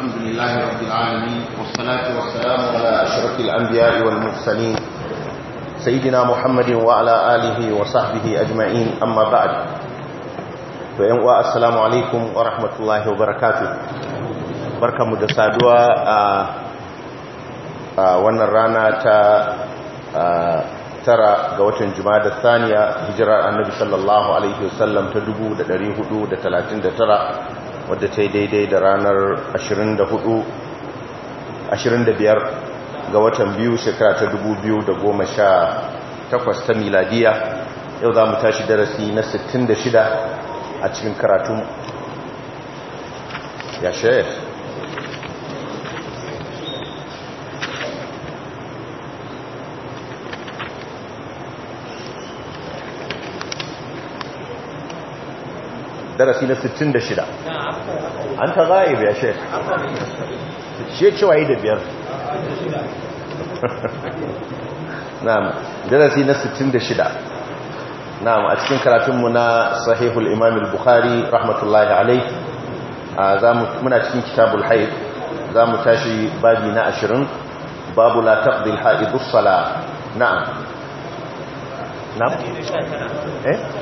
الحمد لله رب العالمين والصلاة والسلام على أشرف الأنبياء والمرسلين سيدنا محمد وعلى آله وصحبه أجمعين أما بعد وإنواء السلام عليكم ورحمة الله وبركاته بركة مدسادوة wannan rana ta tara ga watan jumada thaniya hijirar annabi sallallahu alaihi wasallam ta 1439 wadda ta yi daidai da ranar 25 ga watan biyu shekara ta 2018 ta miladiya yau za mu tashi darasi na 66 a cikin karatun ya shayar darasi na 66 an ta ga'ib ya shek shi cewa yi da biyar na'am darasi na 66 na'am a cikin karatunmu na sahihul imam al-bukhari rahmatullahi alai muna cikin kitabul haid za mu tashi babi na 20 babu la taqdil haidus sala na'am na'am eh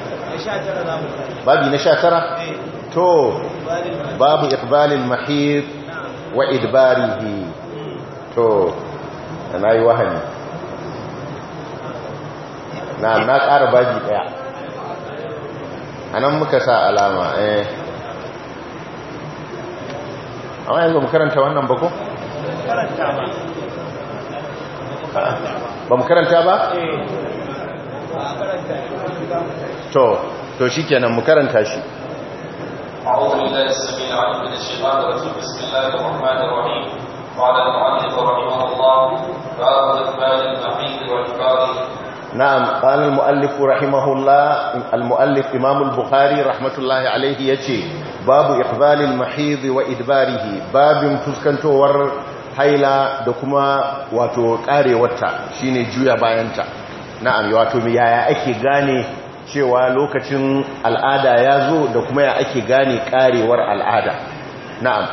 babi na sha tara eh. to babu ikbalin mahir wa idbarihi to na yi wahani na na ƙara babi ɗaya a nan muka sa alama eh a yanzu mu karanta wannan bako? ba mu karanta ba? Eh. to to shikenan mu karanta shi na'am qala al-mu'allif rahimahullah al-mu'allif imam al-bukhari rahmatullahi alayhi yace babu ikhbal al-mahid wa idbarihi babin fuskantowar haila da kuma wato karewarta shine juya bayanta na'am wato yaya ake gane cewa lokacin al'ada ya zo da kuma ya ake gane karewar al'ada na'am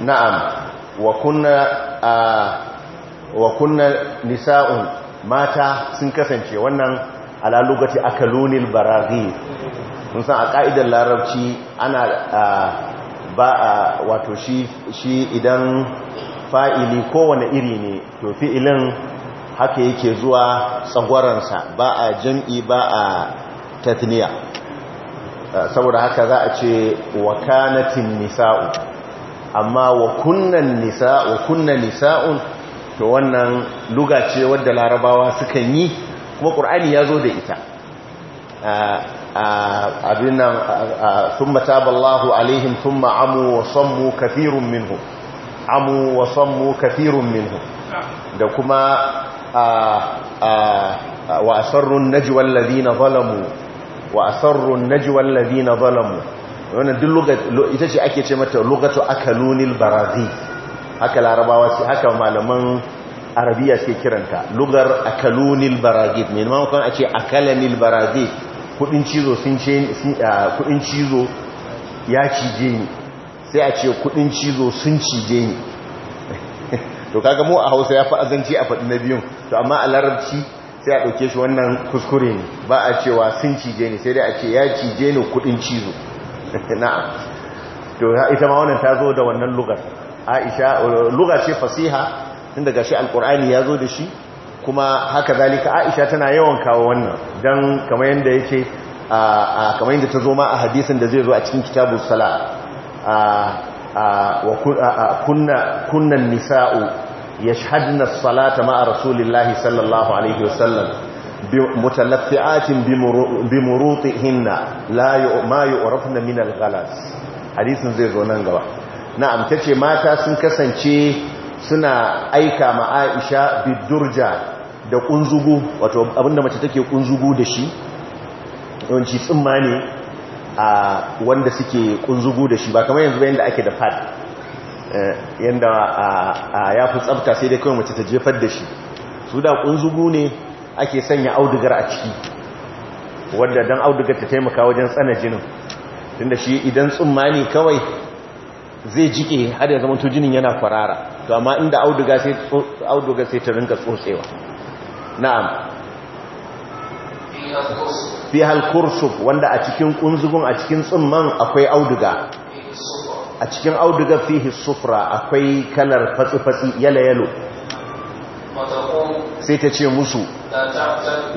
na'am wa kunna wa kunna nisa'un mata sun kasance wannan alalugati lugati akalunil baraghi mun san a ka'idar larabci ana ba a wato shi idan fa'ili kowane iri ne to fi'ilin haka yake zuwa tsagwaransa ba a jam'i ba a tatniya eh, saboda haka za a ce wa kanatin nisa'u amma wa kunnan nisa'u to wannan luga ce wadda larabawa sukan yi kuma ƙur'ani ya zo da ita eh, abin nan thumma taballahu alaihim thumma amu wa sammu kathirun minhum amu wa sammu kathirun minhum da kuma wa asarrun najwa alladhina zalamu wa asarrun najwa alladhina zalamu wannan duk lugat ita ce ake ce mata lugatu akalunil barazi haka larabawa ce haka malaman arabiya suke kiranta lugar akalunil barazid ne ma a ce akalanil barazid kudin cizo sun ce ah, kudin cizo ya cije ni sai a ce kudin cizo sun cije ni to kaga mu a Hausa ya fi azanci a faɗi na biyun to amma a larabci sai a ɗauke shi wannan kuskure ne ba a cewa sun cije ni sai dai a ce ya cije ni kudin cizo na'am to ita ma wannan ta zo da wannan lugar Aisha lugar ce fasiha tun daga shi alkur'ani ya zo da shi kuma haka zalika aisha tana yawan kawo wannan don kama yadda yake kama yadda ta zo ma a hadisun da zai zo a cikin kitabu sala kunnan nisa'u ya shahadna salata ma'a rasulillahi sallallahu alaihi wasallam mutalaffi'atin hinna ma yu'rafna min minal galas. hadisun zai zo nan gaba na'am tace mata sun kasance suna aika ma Aisha bidurja da kunzugu wato abinda mace take kunzugu da shi yawanci tsimma ne a wanda suke kunzugu da shi ba kamar yanzu bayan da ake da fad eh, yanda ya fi tsabta sai dai kawai mace ta jefar da shi su da kunzugu ne ake sanya audugar a ciki wadda don audugar ta taimaka wajen tsana jinin tunda shi idan tsumma ne kawai zai jike har ya zama jinin yana kwarara to amma inda auduga sai ta rinka tsotsewa na'am Fihal kursuf wanda a cikin kunzugun a cikin tsumman akwai auduga a cikin auduga fihi sufra akwai kalar fatsi-fatsi yalo-yalo sai ta ce musu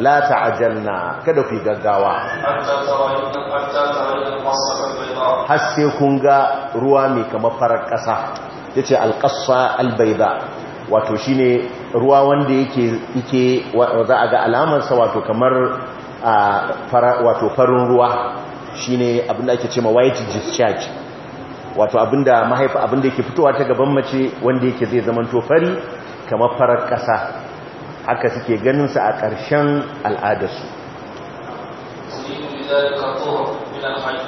la ta'ajjalna kada ku gaggawa har sai kun ga ruwa mai kamar farar ƙasa yace al-bayda wato shine ruwa wanda yake yake za a ga alamarsa wato kamar wato farin ruwa shine abinda ake cewa white discharge wato abinda mahaifa abinda yake fitowa ta gaban mace wanda yake zai zaman to fari kamar farar ƙasa haka suke ganin sa a ƙarshen al'adarsu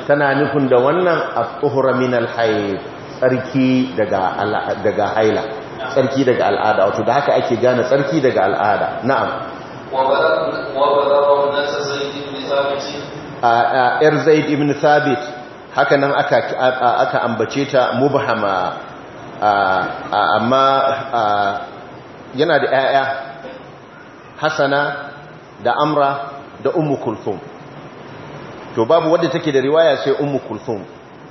tana nufin da wannan a tuhra min al tsarki daga daga haila tsarki daga al'ada wato da haka ake gane tsarki daga al'ada na'am a yar zaid ibn thabit haka nan aka ambace ta mubhama amma yana da 'ya'ya hasana da amra da ummu kulthum to babu wanda take da riwaya sai ummu kulthum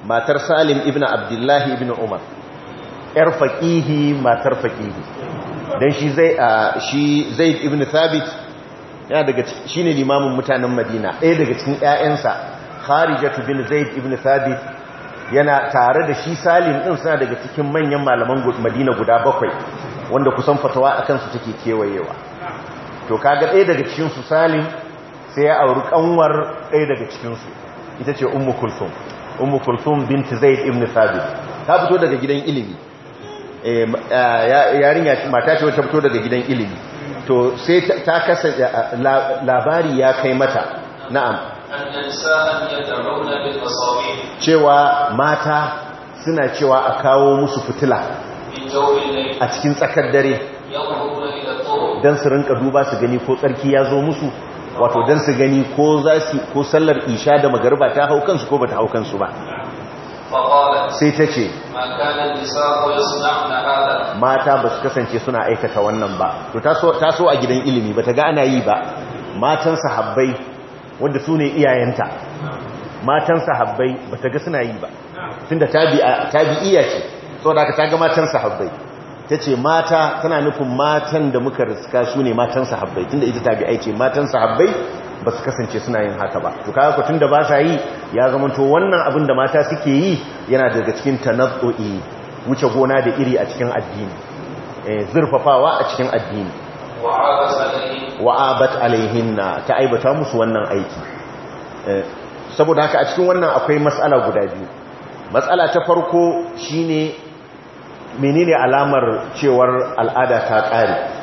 matar salim ibn abdullahi ibn umar yar faƙihi matar faƙihi don shi zai zaid ibn thabit shi daga shine limamin mutanen madina ɗaya daga cikin 'ya'yansa, kharijatu bin zaid ibn thabit yana tare da shi salim ɗin suna daga cikin manyan malaman madina guda bakwai wanda kusan fatawa a kansu take kewayewa to kaga ɗaya daga cikinsu salim sai ya auri ƙanwar ɗaya daga cikinsu, ita ce ummu kulthum ummu kulthum bint zaid ibn thabit ta fito daga gidan ilimi Eh, ah, yarinya mata ce wata fito daga gidan ilimi to sai ta kasa ah, ah, labari ya kai mata na'am cewa mata suna cewa a kawo musu fitila a cikin tsakar dare don su rinka duba su gani ko tsarki ya zo musu wato don su gani ko sallar isha da magarba ta hau kansu ko ba ta hau kansu ba sai ta ce mata ba su kasance suna aikata wannan ba to ta so a gidan ilimi ba ta ga ana yi ba matan sahabbai wanda su ne iyayenta matan sahabbai ba ta ga suna yi ba tun da tabi'iya ce sau da aka ta ga matan sahabbai ta ce mata tana nufin matan da muka riska su ne matan sahabbai tun da ita bi aiki matan sahabbai ba su kasance suna yin haka ba to kaga tun da ba sa yi ya zamanto wannan abin da mata suke yi yana daga cikin tanazzu'i wuce gona da iri a cikin addini eh, zurfafawa a cikin addini wa'abat alaihinna ta aibata musu wannan aiki eh, saboda haka a cikin wannan akwai matsala guda biyu matsala ta farko shine menene alamar cewar al'ada ta ƙare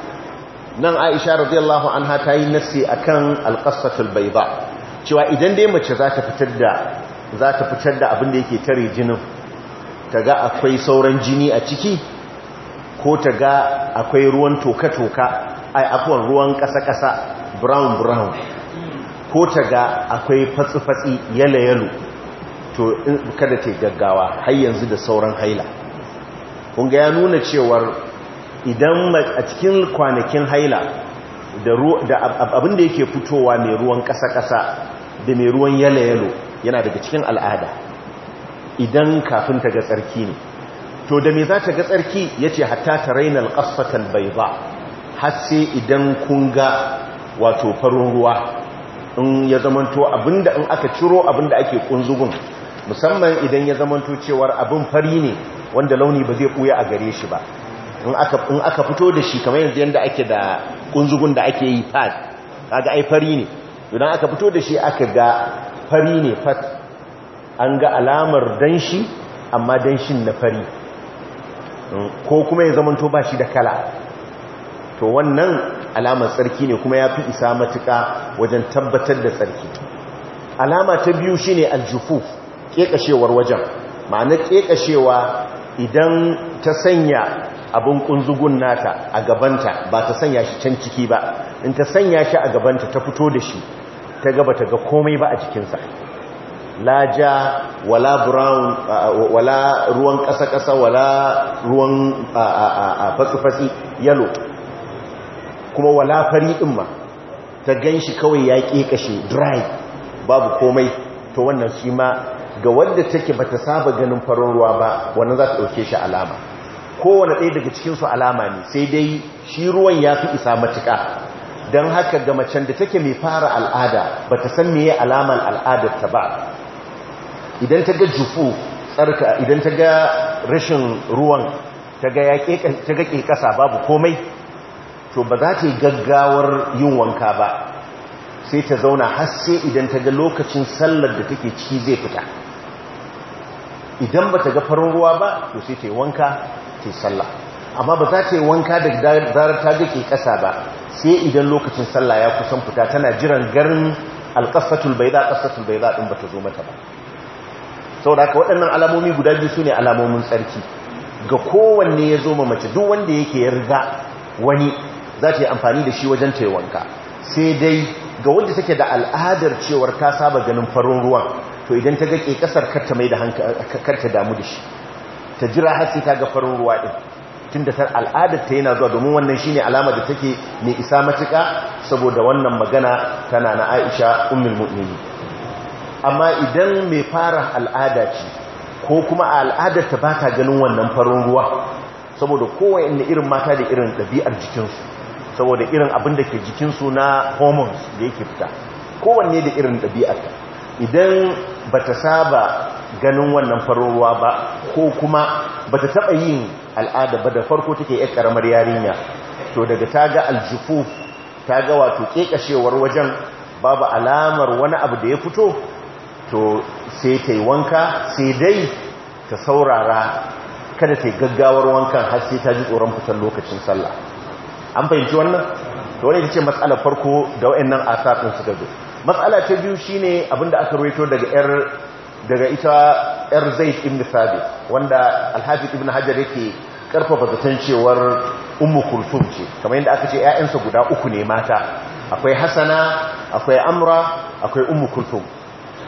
nan aisha radiyallahu anha ta yi nasi akan alqasatul bayda cewa idan dai mace za ta fitar da za ta fitar da abin da yake tare jinin ta ga akwai sauran jini a ciki ko ta ga akwai ruwan toka-toka ai akwai ruwan kasa-kasa brown brown ko ta ga akwai fatsi-fatsi yalo-yalo to kada ta gaggawa har yanzu da sauran haila kun ya nuna cewar idan a cikin kwanakin haila da abin da yake fitowa mai ruwan ƙasa-ƙasa da mai ruwan yalo-yalo yana daga cikin al'ada idan kafin ta ga tsarki ne to da mai za ta ga tsarki ya ce hatta ta rainar ƙasatan bai ba har sai idan kun ga wato farin ruwa in ya zamanto abinda in aka ciro abinda ake kunzugun musamman idan ya zamanto cewar abin fari ne wanda launi ba zai ɓuya a gare shi ba in aka fito da shi kamar yanzu yadda ake da kunzugun da ake yi fad kaga ai fari ne idan aka fito da shi aka ga fari ne fat an ga alamar danshi amma danshin na fari hmm, ko kuma ya zamanto ba shi da kala to wannan alamar tsarki ne kuma ya fi isa matuka wajen tabbatar da tsarki alama ta biyu shi ne aljufu, ƙeƙashewar wajen ma'ana ƙeƙashewa idan ta sanya abin kunzugun nata a gabanta ba ta sanya shi can ciki ba in ta sanya shi a gabanta ta fito da shi ta gaba ta ga komai ba a jikinsa Laja wala brown wala ruwan ƙasa-ƙasa wala ruwan fatsi yalo kuma wala fari ɗin ma ta gan shi kawai ya ƙeƙashe dry babu komai to wannan shi ma ga wadda take ba ta saba ganin farin ruwa ba wannan za ta ɗauke shi alama kowane ɗaya daga cikinsu alama ne sai dai shi ruwan ya fi isa matuƙa don haka ga macen da take mai fara al'ada ba ta san meye alamar al'adarta ba idan ta ga jufu tsarka idan ta ga rashin ruwan ta ga ƙeƙasa babu komai to ba za ta yi gaggawar yin wanka ba sai ta zauna har idan ta ga lokacin sallar da take ciki zai fita idan ba ta ga farin ruwa ba to sai ta yi wanka take sallah amma ba za ta yi wanka da zarar ta dake ƙasa ba sai idan lokacin sallah ya kusan fita tana jiran garin alƙasatul bai za ƙasatul bai za ɗin ba ta zo mata ba sau da waɗannan alamomi guda biyu su ne alamomin tsarki ga kowanne ya zo mace duk wanda yake yarda wani za ta yi amfani da shi wajen ta yi wanka sai dai ga wanda take da al'adar cewar ta saba ganin farin ruwan to idan ta ga ƙasar karta mai da hankali karta damu da shi ta jira har sai ta ga farin ruwa din tunda ta al'adar ta yana zuwa domin wannan shine alama da take ne isa matuka saboda wannan magana tana na Aisha ummul mu'minin amma idan mai fara al'ada ce ko kuma al'adar ta bata ganin wannan farin ruwa saboda kowanne irin mata da irin ɗabi'ar jikinsu saboda irin abin da ke jikinsu na hormones da yake fita kowanne da irin ta idan ba ta saba ganin wannan farowa ba ko kuma ba ta taɓa yin al'ada ba da farko take yar karamar yarinya to daga ta ga taga ta ga wato kekashewar wajen babu alamar wani abu da ya fito to sai ta yi wanka sai dai ta saurara kada ta yi gaggawar wankan har sai ta ji tsoron fitar lokacin sallah an fahimci wannan to wani ce matsalar farko da wa'annan asafin suka zo matsala ta biyu shine abinda aka rawaito daga yar daga ita yar zaid ibn sabi wanda alhafiz ibn hajar yake karfafa zaton cewar umu kulfum ce kamar yadda aka ce 'ya'yansa guda uku ne mata akwai hasana akwai amra akwai umu kulthum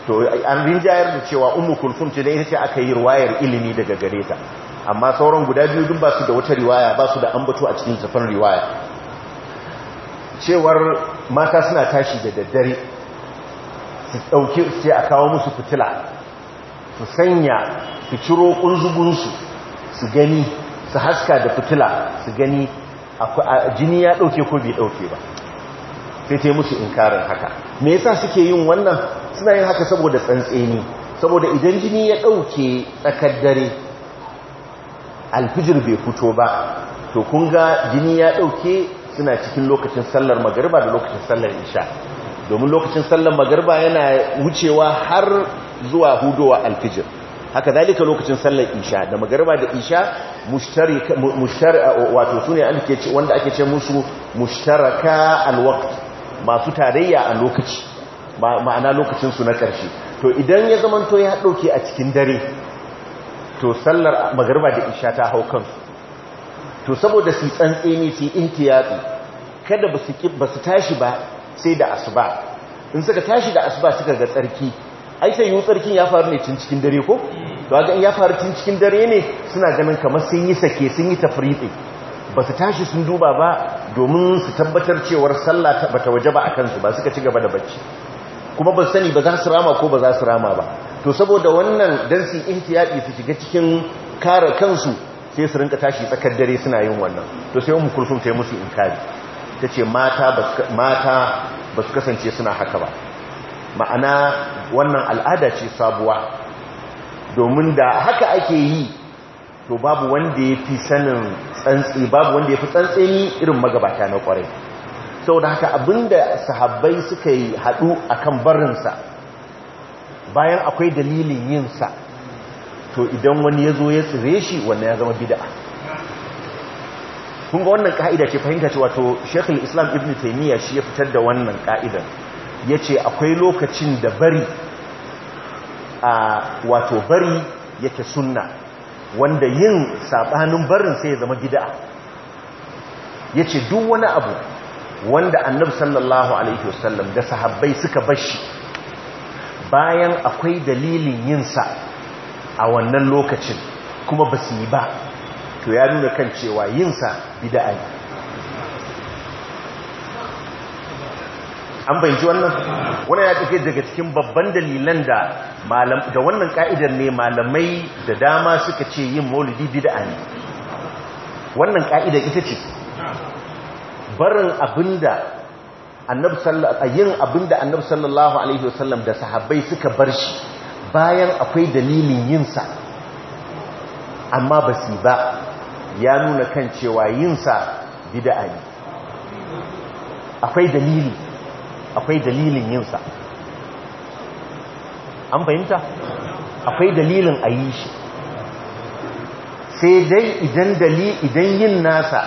to an rinjayar da cewa umu kulfum ce da ita ce aka yi riwayar ilimi daga gare ta amma sauran guda biyu duk ba su da wata riwaya ba su da ambato a cikin safan riwaya cewar mata suna tashi da daddare su ɗauki sai a kawo musu fitila su sanya su ciro kunzugunsu su gani su haska da fitila su gani jini ya ɗauke ko bai ɗauke ba sai ta yi musu inkarin haka me yasa suke yin wannan suna yin haka saboda tsantseni saboda idan jini ya ɗauke tsakar dare alfijir bai fito ba to kun ga jini ya ɗauke suna cikin lokacin sallar magariba da lokacin sallar isha domin lokacin sallar magarba yana wucewa har zuwa hudowa alfijir haka zalika lokacin sallar isha da magariba da isha wato su ce wanda ake ce musu mushtaraka alwakt masu tarayya a lokaci ma'ana su na karshe to idan ya zamanto ya dauke a cikin dare to sallar magariba da isha ta hau kansu to saboda su ne su intiyatu kada ba su tashi ba sai da asuba in suka tashi da asuba suka ga tsarki ai sai yiwu tsarkin ya faru ne cikin dare ko to a ya faru tun cikin dare ne suna ganin kamar sun yi sake sun yi tafriɗe ba su tashi sun duba ba domin su tabbatar cewar sallah waje ba a kansu ba suka ci gaba da bacci kuma ba sani ba za su rama ko ba za su rama ba to saboda wannan dan su ihtiyadi su shiga cikin kare kansu sai su rinka tashi tsakar dare suna yin wannan to sai mu kulsum ta yi musu inkari tace mata mata ba su kasance suna haka ba ma'ana wannan al'ada ce sabuwa domin da haka ake yi to babu wanda ya fi sanin tsantsi babu wanda ya fi ni irin magabata na kwarai da haka abinda sahabbai suka yi haɗu akan barinsa bayan akwai dalilin yinsa to idan wani ya zo ya tsire shi wannan ya zama bida'a kun ga wannan ka'ida ce fahimta ce wato shekul islam ibn taimiyya shi ya fitar da wannan ka'idan ya ce akwai lokacin da bari a wato bari yake sunna wanda yin saɓanin barin sai ya zama gida ya ce duk wani abu wanda annabi sallallahu alaihi wasallam da sahabbai suka bashi bayan akwai dalilin yinsa a wannan lokacin kuma ba su yi ba to ya nuna kan cewa yinsa bida'a ne an bai ji wannan wannan ya tafi daga cikin babban dalilan da wannan ka'idar ne malamai da dama suka ce yin maulidi bid'a ne wannan ka'idar ita ce barin abinda annabi sallallahu yin abinda annabi sallallahu alaihi wasallam da sahabbai suka bar shi bayan akwai dalilin yinsa amma ba su ba ya nuna kan cewa yinsa sa bid'a ne akwai dalili akwai dalilin yinsa an fahimta akwai dalilin a yi shi sai dai idan dali idan yin nasa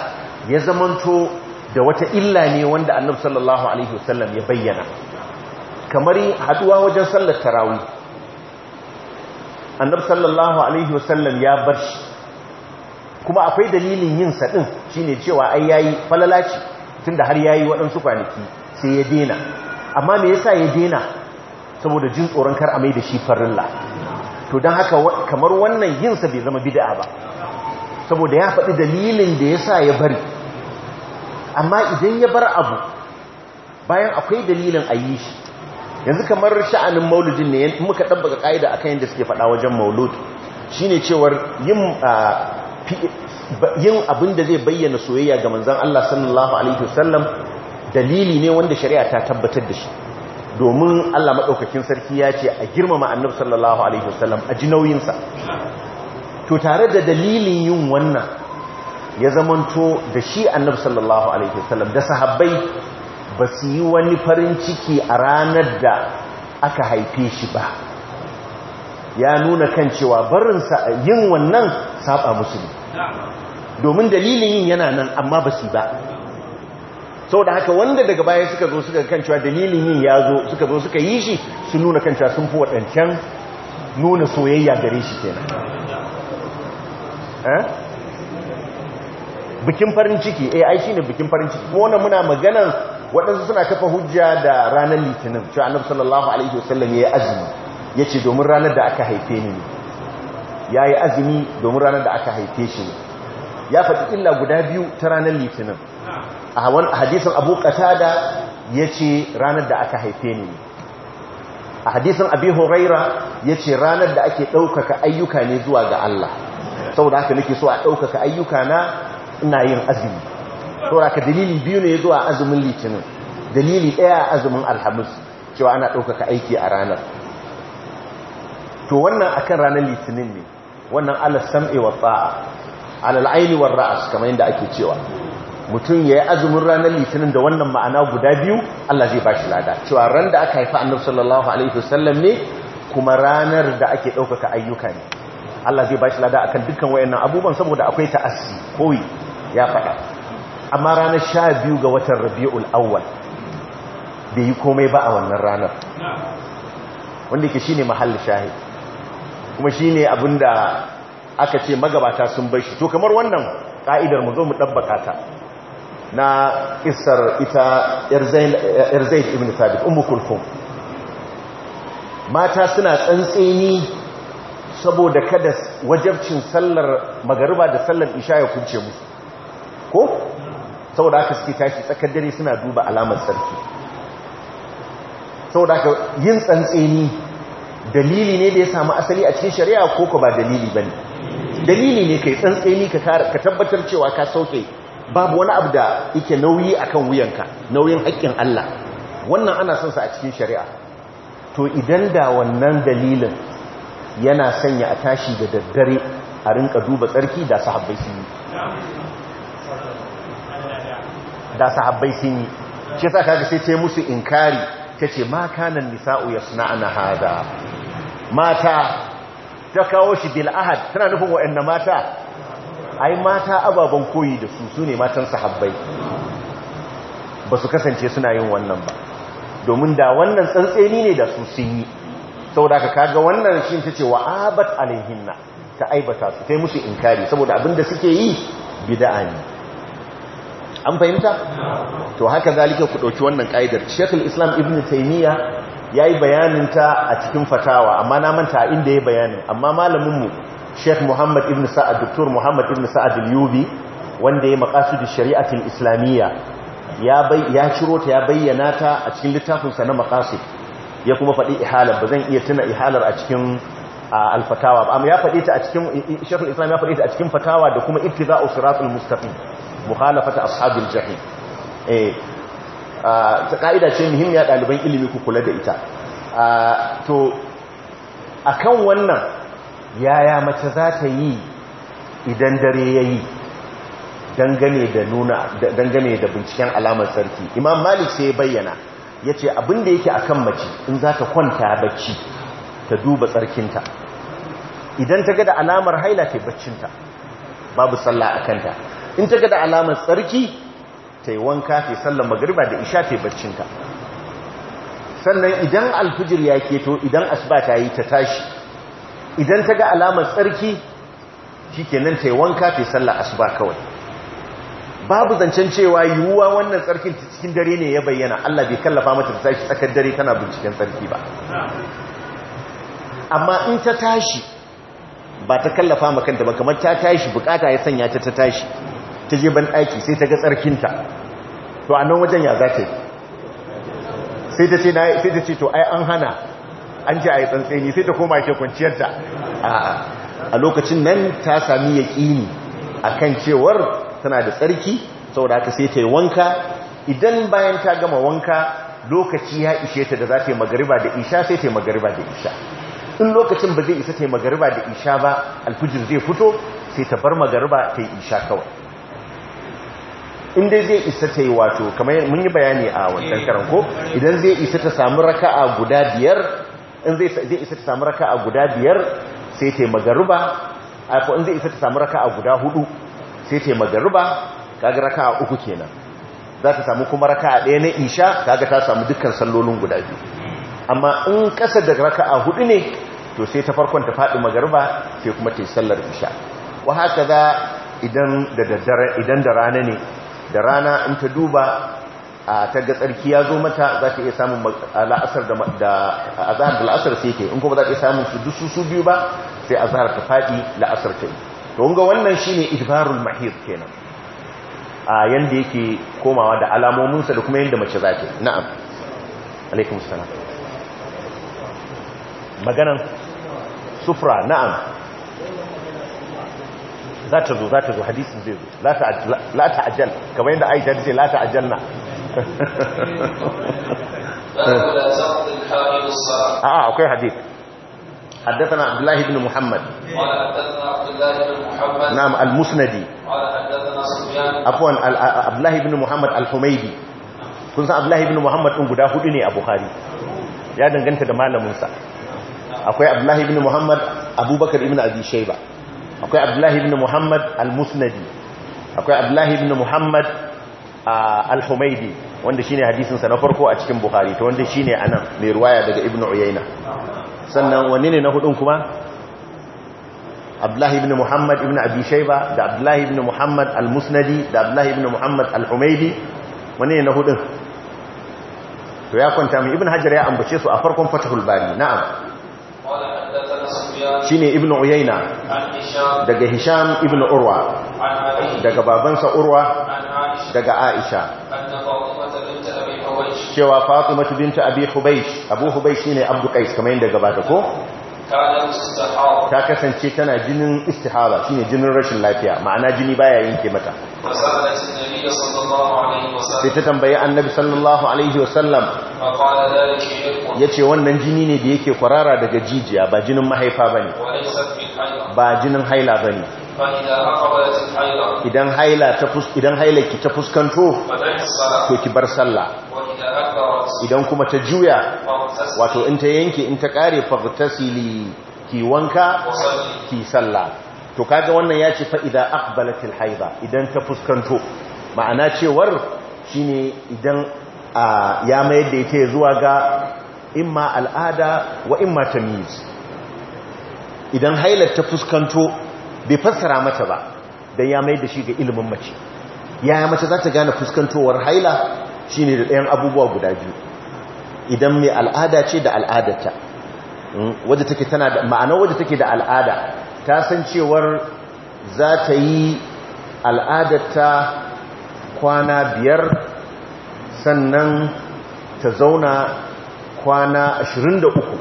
ya zamanto da wata illa ne wanda annab sallallahu alaihi wasallam ya bayyana kamar haduwa wajen sallar tarawi annab sallallahu alaihi wasallam ya bar shi kuma akwai dalilin yinsa sa din shine cewa ai yayi falalaci tunda har yayi waɗansu kwanaki sai ya dena amma me yasa ya dena saboda jin tsoron kar a mai da shi farilla to don haka kamar wannan yinsa bai zama bid'a ba saboda ya faɗi dalilin da yasa ya bari amma idan ya bar abu bayan akwai dalilin a yi shi yanzu kamar sha'anin mauludin ne muka ɗabbaka ƙa'ida a kan yadda suke faɗa wajen maulud shi ne cewar yin abin da zai bayyana soyayya ga manzan Allah sallallahu Alaihi wasallam dalili ne wanda shari'a ta tabbatar da shi domin Allah maɗaukakin sarki ya ce a girmama annabi sallallahu alaihi wasallam a ji nauyinsa to tare da dalilin yin wannan ya zamanto da shi annabi sallallahu alaihi wasallam da sahabbai ba su yi wani farin ciki a ranar da aka haife shi ba ya nuna kan cewa barinsa yin wannan saba musulmi domin dalilin yin yana nan amma ba su ba saboda haka wanda daga baya suka zo suka kan cewa dalilin yin ya zo suka zo suka yi shi su nuna kan cewa sun fi waɗancan nuna soyayya gare shi kenan eh? bikin farin ciki eh ai shine bikin farin ciki ko muna maganan waɗansu suna kafa hujja da ranar litinin cewa annabi sallallahu alaihi wasallam yayi azumi yace domin ranar da aka haife ni ne yayi azumi domin ranar da aka haife shi ne ya faɗi illa guda biyu ta ranar litinin a hadisin abu da ya ce ranar da aka haife ni a hadisin abi huraira ya ce ranar da ake ɗaukaka ayyuka ne zuwa ga Allah saboda haka nake so a ɗaukaka ayyuka na ina yin azumi saboda dalili biyu ne zuwa azumin litinin dalili ɗaya azumin alhamis cewa ana ɗaukaka aiki a ranar to wannan akan ranar litinin ne wannan alas wa fa'a alal aini war ra'as kamar yadda ake cewa mutum ya yi azumin ranar litinin da wannan ma'ana guda biyu Allah zai ba shi lada cewa ran da aka haifa annabi sallallahu alaihi wasallam ne kuma ranar da ake ɗaukaka ayyuka ne Allah zai ba shi lada akan dukkan wayannan abubuwan saboda akwai ta'assi koyi ya faɗa amma ranar sha biyu ga watan rabi'ul awwal bai yi komai ba a wannan ranar wanda yake shine mahallin shahid kuma shine abinda aka ce magabata sun bai shi to kamar wannan ka'idar mu zo mu dabbaka ta na isar ita irzaid ibn sabit ummu kulfum mata suna tsantseni saboda kada wajabcin sallar magariba da sallar isha ya kunce musu ko saboda aka suke tashi tsakar dare suna duba alamar sarki saboda aka yin tsantseni dalili ne da ya samu asali a cikin shari'a ko ko ba dalili bane dalili ne kai tsantseni ka tabbatar cewa ka sauke babu wani abu da yake nauyi akan wuyanka nauyin haƙƙin Allah wannan ana son sa a cikin shari'a to idan da wannan dalilin yana sanya a tashi da daddare a rinka duba tsarki da sahabbai sun yi da sahabbai sun yi shi yasa kaga sai ce musu inkari tace ma kanan nisa'u yasna'ana hada mata ta kawo shi bil ahad tana nufin waɗanda mata ai mata ababen koyi da su su ne matan sahabbai ba su kasance suna yin wannan ba domin da wannan tsantseni ne da su sun yi saboda ka kaga wannan shi ta ce wa abat alaihinna ta aibata su ta yi musu inkari saboda abin da suke yi bida'a ne an fahimta to haka zalika ku ɗauki wannan ƙa'idar shekul islam ibn taimiyya ya yi bayaninta a cikin fatawa amma na manta inda ya bayanin amma malaminmu sheikh muhammad ibn sa'ad doktor muhammad ibn sa'ad al-yubi wanda ya da shari'atul islamiyya ya bai ya ciro ta ya bayyana ta a cikin littafinsa na maqasid ya kuma faɗi ihalar ba zan iya tuna ihalar a cikin alfatawa ba amma ya faɗi ta a cikin shekul islam ya faɗi ta a cikin fatawa da kuma ittiza'u siratul mustaqim mukhalafata ashabil jahim eh ta ka'ida ce muhimmiya ɗaliban ilimi ku kula da ita to a kan wannan yaya mace za ta yi idan dare ya yi dangane da nuna dangane da binciken alamar sarki imam malik sai ya bayyana ya ce abinda yake kan mace in za ta kwanta bacci ta duba tsarkinta idan ta gada alamar haila ke baccinta babu sallah a kanta in ta gada alamar tsarki ta yi wanka fi yi magariba da isha fi baccinta sannan idan alfijir ya keto idan asuba ta yi ta tashi idan ta ga alamar tsarki shi kenan ta yi wanka fi asuba kawai babu zancen cewa yiwuwa wannan tsarkin cikin dare ne ya bayyana Allah bai kallafa mata ta tashi tsakar dare tana binciken tsarki ba amma in ta tashi ba ta kallafa makanta ba kamar ta tashi bukata ya sanya ta ta tashi ta je ban aiki sai ta ga tsarkinta to a nan wajen ya za ta yi sai ta ce to ai an hana an ce a yi tsantseni sai ta koma ke kwanciyarta a lokacin nan ta sami yaƙini a kan cewar tana da tsarki saboda haka sai ta yi wanka idan bayan ta gama wanka lokaci ya ishe ta da za ta yi magariba da isha sai ta yi magariba da isha in lokacin ba zai isa ta yi magariba da isha ba alfijir zai fito sai ta bar magariba ta yi isha kawai in dai zai isa ta yi wato kamar mun yi bayani a wancan karan ko idan zai isa ta samu raka'a guda biyar in zai isa ta samu a guda biyar sai ta magaruba ko in zai isa ta samu raka'a guda hudu sai ta magaruba kaga raka'a uku kenan za ta samu kuma raka'a ɗaya na isha kaga ta samu dukkan sallolin guda biyu amma in kasa da raka'a hudu ne to sai ta farkon ta faɗi magaruba sai kuma ta yi sallar isha wa haka za idan da daddare idan da rana ne da rana in ta duba a ta ga tsarki ya zo mata za ta iya samun la'asar da azahar da la'asar sai ke in kuma za ta iya samun su dusu su biyu ba sai azahar ta faɗi la'asar ta yi to ga wannan shi ne idbarul mahir kenan a yadda yake komawa da alamominsa da kuma yanda mace za ta na'am alaikum salam maganan sufra na'am za ta zo za ta zo hadisin zai zo la ta ajal kamar yadda aisha ta ce la ta ajalna a'a akwai hadith حدثنا عبد الله بن محمد قال حدثنا عبد الله بن محمد نعم المسندي قال حدثنا سفيان عفوا عبد الله بن محمد الحميدي kun san Abdullahi ibn Muhammad din guda hudu ne a Bukhari ya danganta da malamin sa akwai Abdullahi ibn Muhammad Abubakar ibn Abi Shayba akwai abdullahi ibn muhammad al-musnadi akwai abdullahi ibn muhammad al-humaidi wanda shine hadisinsa na farko a cikin bukhari to wanda shine anan mai ruwaya daga ibn uyayna sannan wanne ne na hudun kuma abdullahi ibn muhammad ibn abi shayba da abdullahi ibn muhammad al-musnadi da abdullahi ibn muhammad al-humaidi wanne ne na hudun to ya kwanta mu ibn hajar ya ambace su a farkon fathul bari na'am shine Ibnu uyayna daga hisham Ibnu urwa daga babansa urwa daga aisha cewa fatima binta abi hubaysh abu hubaysh shine abdu qais kamar gaba gabata ko ta kasance tana jinin istihaba shine jinin rashin lafiya ma'ana jini baya yanke mata sai ta tambaye annabi sallallahu alaihi wasallam ya ce wannan jini ne da yake kwarara daga jijiya ba jinin mahaifa ba ne ba jinin haila ba ne. idan haila ta idan ki ta fuskanto ko ki bar sallah idan kuma ta juya wato in ta yanke in ta kare tasili ki wanka ki sallah to kaga wannan ya ce fa idan aqbalatil haida idan ta fuskanto ma'ana cewar shine idan ya mayar da yake zuwa ga imma al'ada wa imma tamyiz idan haila ta fuskanto bai fassara mata ba don ya mai da shi ga ilimin mace Ya yaya mace za ta gane fuskantowar haila shi ne da ɗayan abubuwa guda biyu idan mai al'ada ce da al'adata hmm, wadda take tana da ma'ana wadda take da al'ada ta san cewar za ta yi al'adata kwana biyar sannan ta zauna kwana 23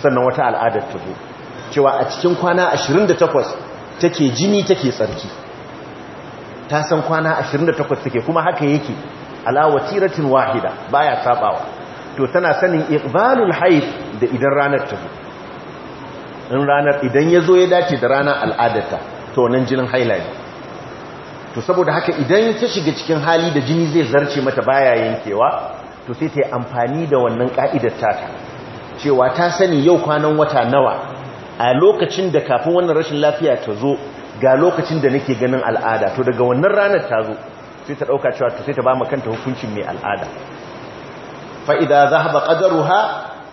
sannan wata al'adar ta zo cewa a cikin kwana 28 take jini take tsarki ta san kwana 28 take kuma haka yake ala watiratin wahida baya sabawa to tana sanin iqbalul haif da idan ranar ta zo. in ranar idan yazo ya dace da ranar al'adarta to nan jinin haila ne to saboda haka idan ta shiga cikin hali da jini zai zarce mata baya yankewa to sai ta yi amfani da wannan ka'idar tata cewa ta sani yau kwanan wata nawa a lokacin da kafin wannan rashin lafiya ta zo ga lokacin da nake ganin al'ada to daga wannan ranar ta zo sai ta ɗauka cewa to sai ta ba kanta hukuncin mai al'ada fa'ida zahaba haɓa fa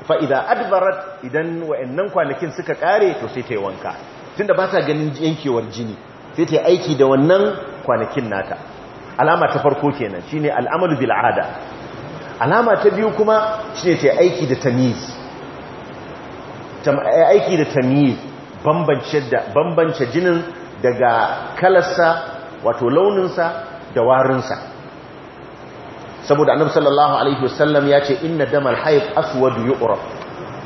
fa'ida adbarat idan wa'annan kwanakin suka kare to sai ta yi wanka Tunda ba ta ganin yankewar jini sai ta yi aiki da wannan kwanakin nata alama ta farko kenan shine al'amalu bil'ada alama ta biyu kuma shine ta aiki da tamiz Eh, aiki da tamiyi bambance jinin daga kalarsa wato launinsa da warinsa saboda annabi sallallahu alaihi wasallam ya ce inna damal haif aswad yu'raf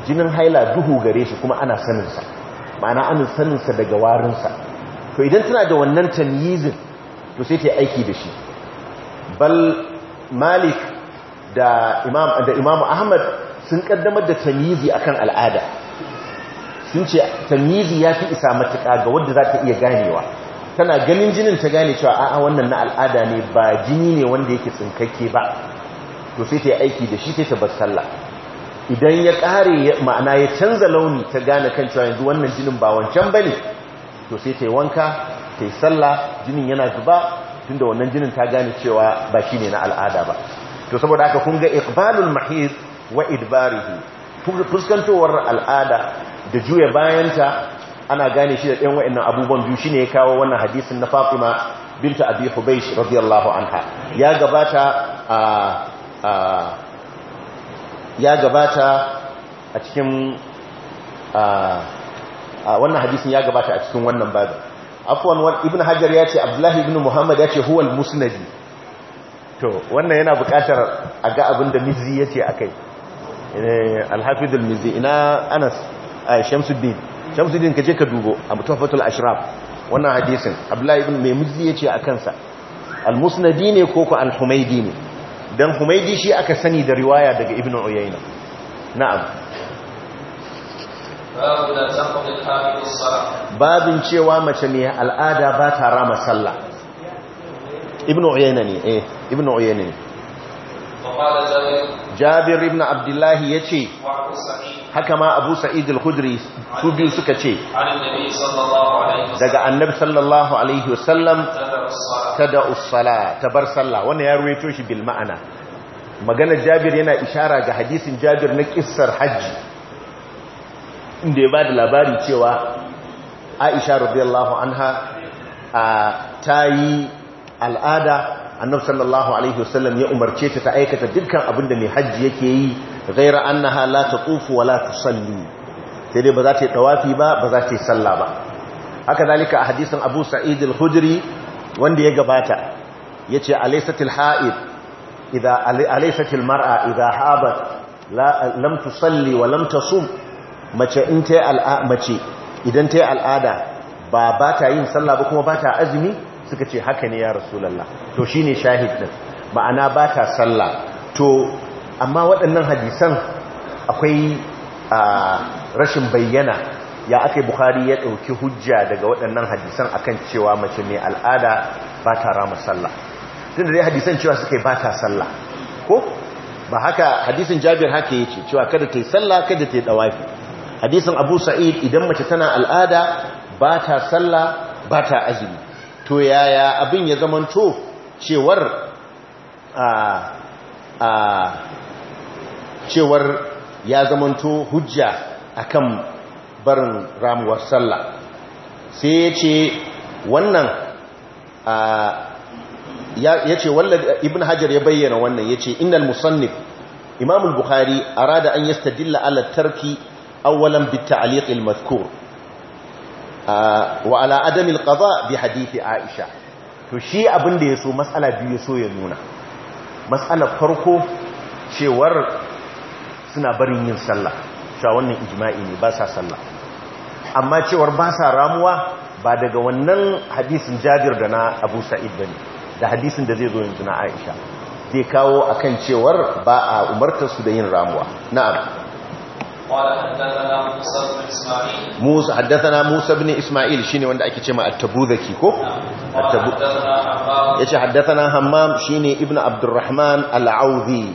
jinin haila duhu gare shi kuma ana saninsa ma'ana ana saninsa daga warinsa to idan tana da wannan tamyizin to sai ta aiki da shi bal malik da imam ahmad sun kaddamar da a kan al'ada sun ce tamizi ya fi isa matuka ga wadda za ta iya ganewa tana ganin jinin ta gane cewa a'a wannan na al'ada ne ba jini ne wanda yake tsinkakke ba to sai ta yi aiki da shi sai ta bar sallah idan ya kare ma'ana ya canza launi ta gane kan cewa yanzu wannan jinin ba wancan bane to sai ta yi wanka ta yi sallah jinin yana zuba tunda wannan jinin ta gane cewa ba shi ne na al'ada ba to saboda haka kun ga iqbalul mahiz wa idbarihi fuskantowar al'ada da juya bayanta ana gane shi da ɗan wa'annan abubuwan biyu shine ya kawo wannan hadisun na Fatima binta Abi Hubaysh radiyallahu anha ya gabata a ya gabata a cikin wannan hadisun ya gabata a cikin wannan babu afwan ibn hajar ya ce abdullahi ibn muhammad ya ce huwal musnadi to wannan yana bukatar a ga abin da mizzi ya ce a kai Eh, alhafidul mizi ina anas a shamsuddin shamsuddin ka je ka dubo a mutafatul ashraf wannan hadisin abdullahi ibn mai muzi ya ce a kansa almusnadi ne ko ku alhumaidi ne don humaidi shi aka sani da riwaya daga ibn uyayna na'am babin cewa mace ne al'ada ba ta rama sallah ibn uyayna ne eh ibn uyayna ne jabir ibn abdullahi ya ce haka ma abu sa'id al su biyu suka ce daga annabi sallallahu alaihi wasallam tada usala ta bar sallah wanda ya ruwaito shi bil ma'ana maganar jabir yana ishara ga hadisin jabir na kissar hajji inda ya ba da labari cewa aisha radiyallahu anha ta yi al'ada annabi sallallahu alaihi wasallam ya umarce ta ta aikata dukkan abin da mai hajji yake yi ghaira annaha la taqufu wa la tusalli sai dai ba za ta yi tawafi ba ba za ta yi sallah ba haka zalika a hadisin Abu Sa'id al wanda ya gabata yace alaysatil ha'id idha alaysatil mar'a idha habat lam tusalli wa lam tasum mace in mace idan ta yi al'ada ba ba ta yin sallah ba kuma ba ta azumi suka ce haka ne ya lalla to shine shahid din ma'ana ba ta sallah to amma waɗannan hadisan akwai a rashin bayyana ya aka bukhari ya ɗauki hujja daga waɗannan hadisan akan cewa mace mai al'ada ba ta rama sallah tun da dai hadisan cewa suka ba ta sallah ko ba haka hadisin jabir haka ya ce cewa kada ta yi sallah kada ta yi ɗawafi hadisin abu sa'id idan mace tana al'ada ba ta sallah ba ta azumi to yaya abin ya zamanto cewar a cewar ya zamanto hujja akan barin ramuwar sallah sai ya ce wannan ya ce ibn hajar ya bayyana wannan ya ce innal musannif imamul bukhari arada an yastadilla ala tarki awwalan bit ta'liq al-mazkur wa ala adamil qada bi hadisi aisha to shi abin da yaso matsala biyu so ya nuna matsalar farko cewar suna barin yin sallah cewa wannan ijma'i ne ba sa sallah amma cewar ba sa ramuwa ba daga wannan hadisin Jabir da na Abu Sa'id bane da hadisin da zai zo yanzu na Aisha zai kawo akan cewar ba a umartar su da yin ramuwa na'am موسى حدثنا موسى بن اسماعيل شيني wanda ake cewa at-tabuzaki ko yace haddathana hammam shine ibnu abdurrahman al-audhi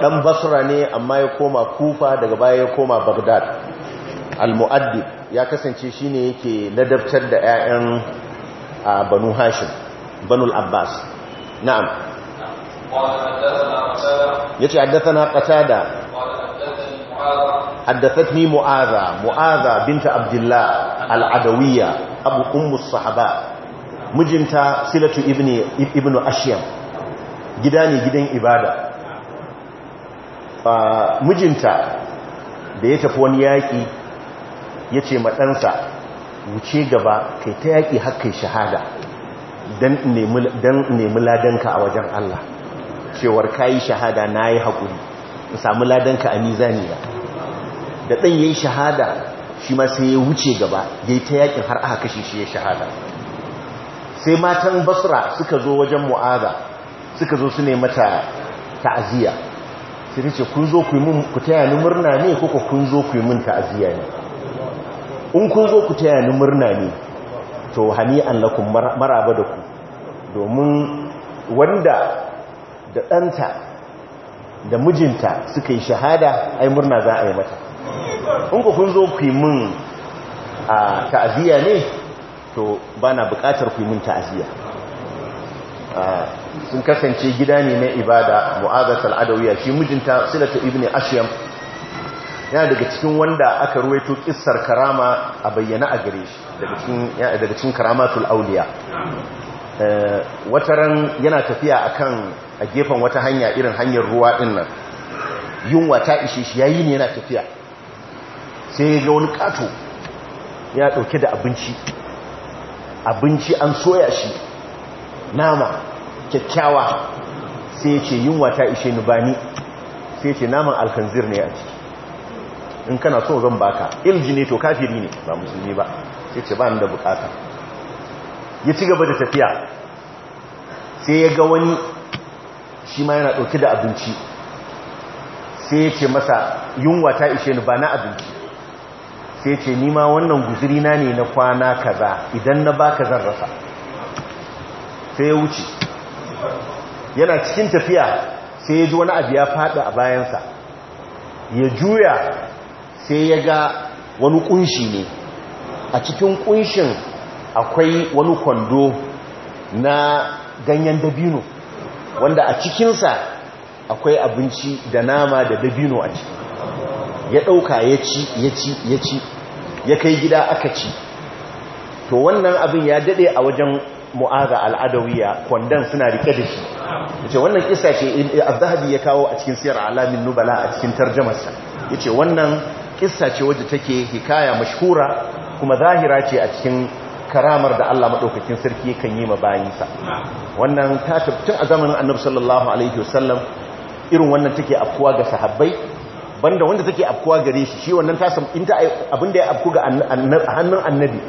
dan basra ne amma ya koma kufa daga baya ya koma bagdad al ya kasance shine yake ladabtar da ƴaƴan banu hashim banu al-abbas yace haddathana qatada حدثتني معاذة معاذة بنت عبد الله العدوية أبو أم الصحباء مجنت سلة ابن, ابن أشيام جداني جدين إبادة mijinta da ya tafi wani yaƙi ya ce ɗansa wuce gaba kai ta yaƙi haƙƙin shahada don nemi ladanka a wajen Allah cewar kayi shahada na yi haƙuri in samu ladanka a nizani ba da ɗan yayi shahada shi ma sai ya wuce gaba ya yi ta yakin har aka kashe shi ya shahada sai matan basra suka zo wajen mu'aza suka zo su ne mata ta'aziyya sai ta ce kun zo ku yi mun ku taya ni murna ne ko kun zo ku yi mun ta'aziyya ne in kun zo ku taya ni murna ne to an lakum maraba da ku domin wanda da ɗanta da mijinta suka yi shahada ai murna za a yi mata in ku kun zo ku yi min a ta'aziyya ne to ba na bukatar ku yi min ta'aziyya sun kasance gida ne na ibada mu'azat al'adawiyya shi mijinta silata ibn ashiyam yana daga cikin wanda aka ruwaito kissar karama a bayyana a gare shi daga cikin karamatul auliya Eh, wataran yana tafiya akan a gefen wata hanya irin hanyar ruwa din nan yunwa ta ishe shi yayi ne yana tafiya sai ga wani kato ya dauke da abinci abinci an soya shi nama kyakkyawa sai ce yunwa ta ishe ni bani sai ce naman alkanzir ne a ciki in kana so zan baka ilji to kafiri ne ba musulmi ba sai ce ba ni da bukata ya ci gaba da tafiya sai ya ga wani shi ma yana ɗauki da abinci sai ya ce masa yunwa ta ishe ni ba na abinci sai ce nima wannan guzirina ne na kwana kaza idan na ba zan rasa sai ya wuce yana cikin tafiya sai ya ji wani abu ya faɗi a bayansa ya juya sai ya ga wani ƙunshi ne a cikin ƙunshin. akwai wani kwando na ganyen dabino wanda a cikinsa akwai abinci da nama da dabino a ciki ya ɗauka ya ci ya ci ya ci ya kai gida aka ci to wannan abin ya daɗe a wajen mu'aza al'adawiya kwandon suna rike da shi ce wannan kisace ce eh, az ya kawo a cikin siyar alamin nubala a cikin ya yace wannan isa ce wadda take hikaya mashhura kuma zahira ce a cikin karamar da Allah maɗaukakin sarki kan yi ma bayinsa wannan ta tun a zamanin annabi sallallahu alaihi wasallam irin wannan take afkuwa ga sahabbai banda wanda take afkuwa gare shi shi wannan tasam ta abin da ya afku ga hannun annabi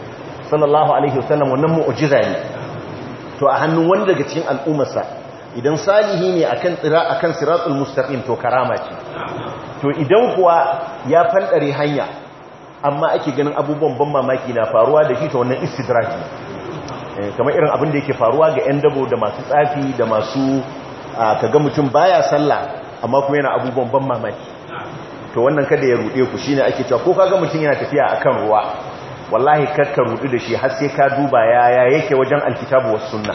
sallallahu alaihi wasallam wannan mu'jiza ne to a hannun wanda daga cikin al'ummarsa idan salihi ne akan tsira akan siratul mustaqim to karama ce to idan kuwa ya fandare hanya amma ake ganin abubuwan ban mamaki na faruwa da shi ta wannan istidraki eh, kamar irin abin da yake faruwa ga 'yan dabo da masu tsafi da masu kaga mutum baya sallah amma kuma yana abubuwan ban mamaki to wannan kada ya rude ku shi shine ake cewa ko kaga mutum yana tafiya akan ruwa wallahi karka rudu da shi har sai ka duba ya ya yake wajen alkitabu was sunna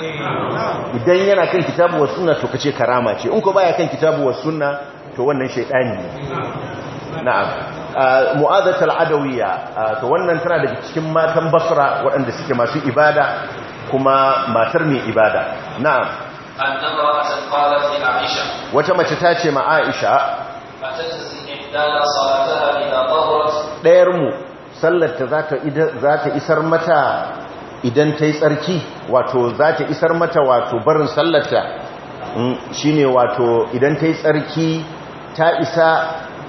idan yana kan kitabu was sunna to kace karama ce in ko baya kan kitabu was sunna to wannan shaytani ne na'am ah, mu'adat al ah, to wannan tana daga cikin matan basra waɗanda suke masu ibada kuma matar mai ibada na'am wata mace ta ce ma Aisha ɗayar mu sallarta za ta isar mata idan ta yi tsarki wato za ta isar mata wato barin sallarta hmm, shi ne wato idan ta yi tsarki ta isa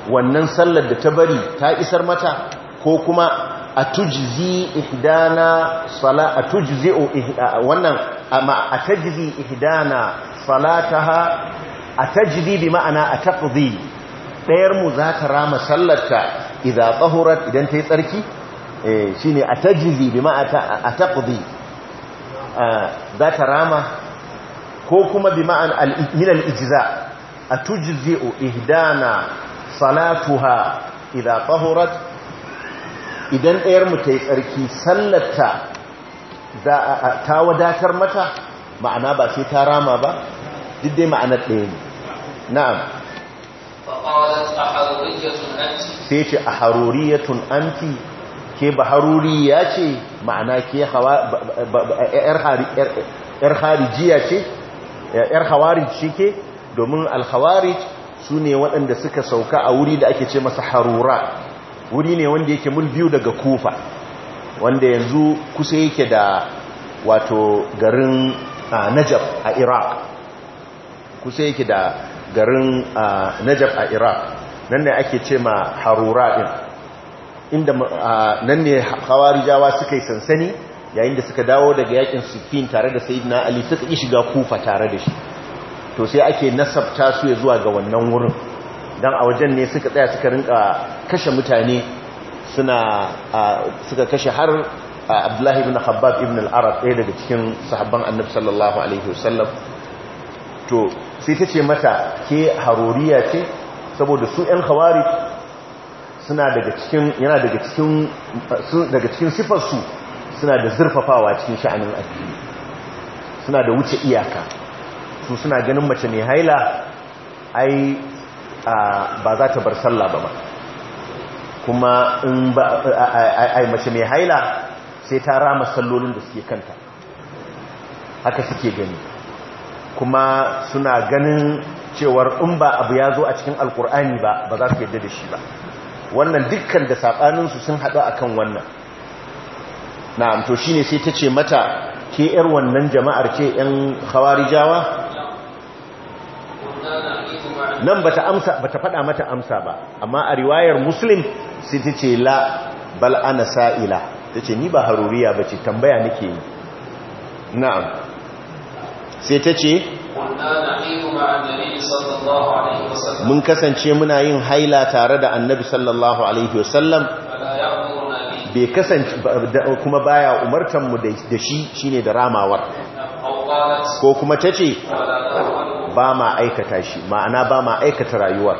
wannan sallar da ta bari ta isar mata ko kuma a tujzi ihdana sala a tujzi wannan amma a tajzi ihdana salataha a tajzi bi ma'ana a taqdi dayar mu za ta rama sallarta idza tahurat idan yi tsarki eh shine a tajzi bi ma'ana a taqdi za ta rama ko kuma bi ma'ana min al ijza a tujzi ihdana salatuha idza tahurat idan ɗayar mu tayi tsarki sallarta ta wadatar mata ma'ana ba sai ta rama ba duk ma'anar ɗaya ne na'am sai ce a haruriyatun anti ke ba haruriya ce ma'ana ke yar harijiya ce yar hawarij ce ke domin alhawarij su ne waɗanda suka sauka a wuri da ake ce masa harura wuri ne wanda yake mul biyu daga kufa wanda yanzu kusa yake da wato garin najab a iraq kusa yake da garin najab a iraq nan ne ake ce ma harura ɗin inda nan ne hawarijawa suka yi sansani yayin da suka dawo daga yakin sikin tare da sayidina ali suka yi shiga kufa tare da shi to sai ake nasabta su zuwa ga wannan wurin don a wajen ne suka tsaya suka rinka kashe mutane suna suka kashe har abdullahi ibn habab ibn al-arab ɗaya daga cikin sahabban annabi sallallahu alaihi wasallam to sai ta ce mata ke haroriya ce saboda su 'yan hawari suna daga cikin yana daga cikin daga cikin sifarsu suna da zurfafawa cikin sha'anin addini suna da wuce iyaka su suna ganin mace mai haila ai ba za ta bar sallah ba ba kuma in ba ai mace mai haila sai ta rama sallolin da suke kanta haka suke gani kuma suna ganin cewar in ba abu ya zo a cikin alkur'ani ba ba za su yadda da shi ba wannan dukkan da saɓaninsu sun haɗu a kan wannan na'am to ne sai ta ce mata ke ‘yar wannan jama'ar ke ‘yan hawarijawa nan ba ta amsa ba ta fada mata amsa ba amma a riwayar muslim sai ta ce la bal ana sa'ila ce ni ba haruriya ba ce tambaya nake yi na'am sai ta ce mun kasance muna yin haila tare da annabi sallallahu alaihi wasallam bai kasance kuma baya umartanmu da shi shine da ramawar ko kuma ta tace ba ma aikata shi ma'ana ba ma aikata rayuwar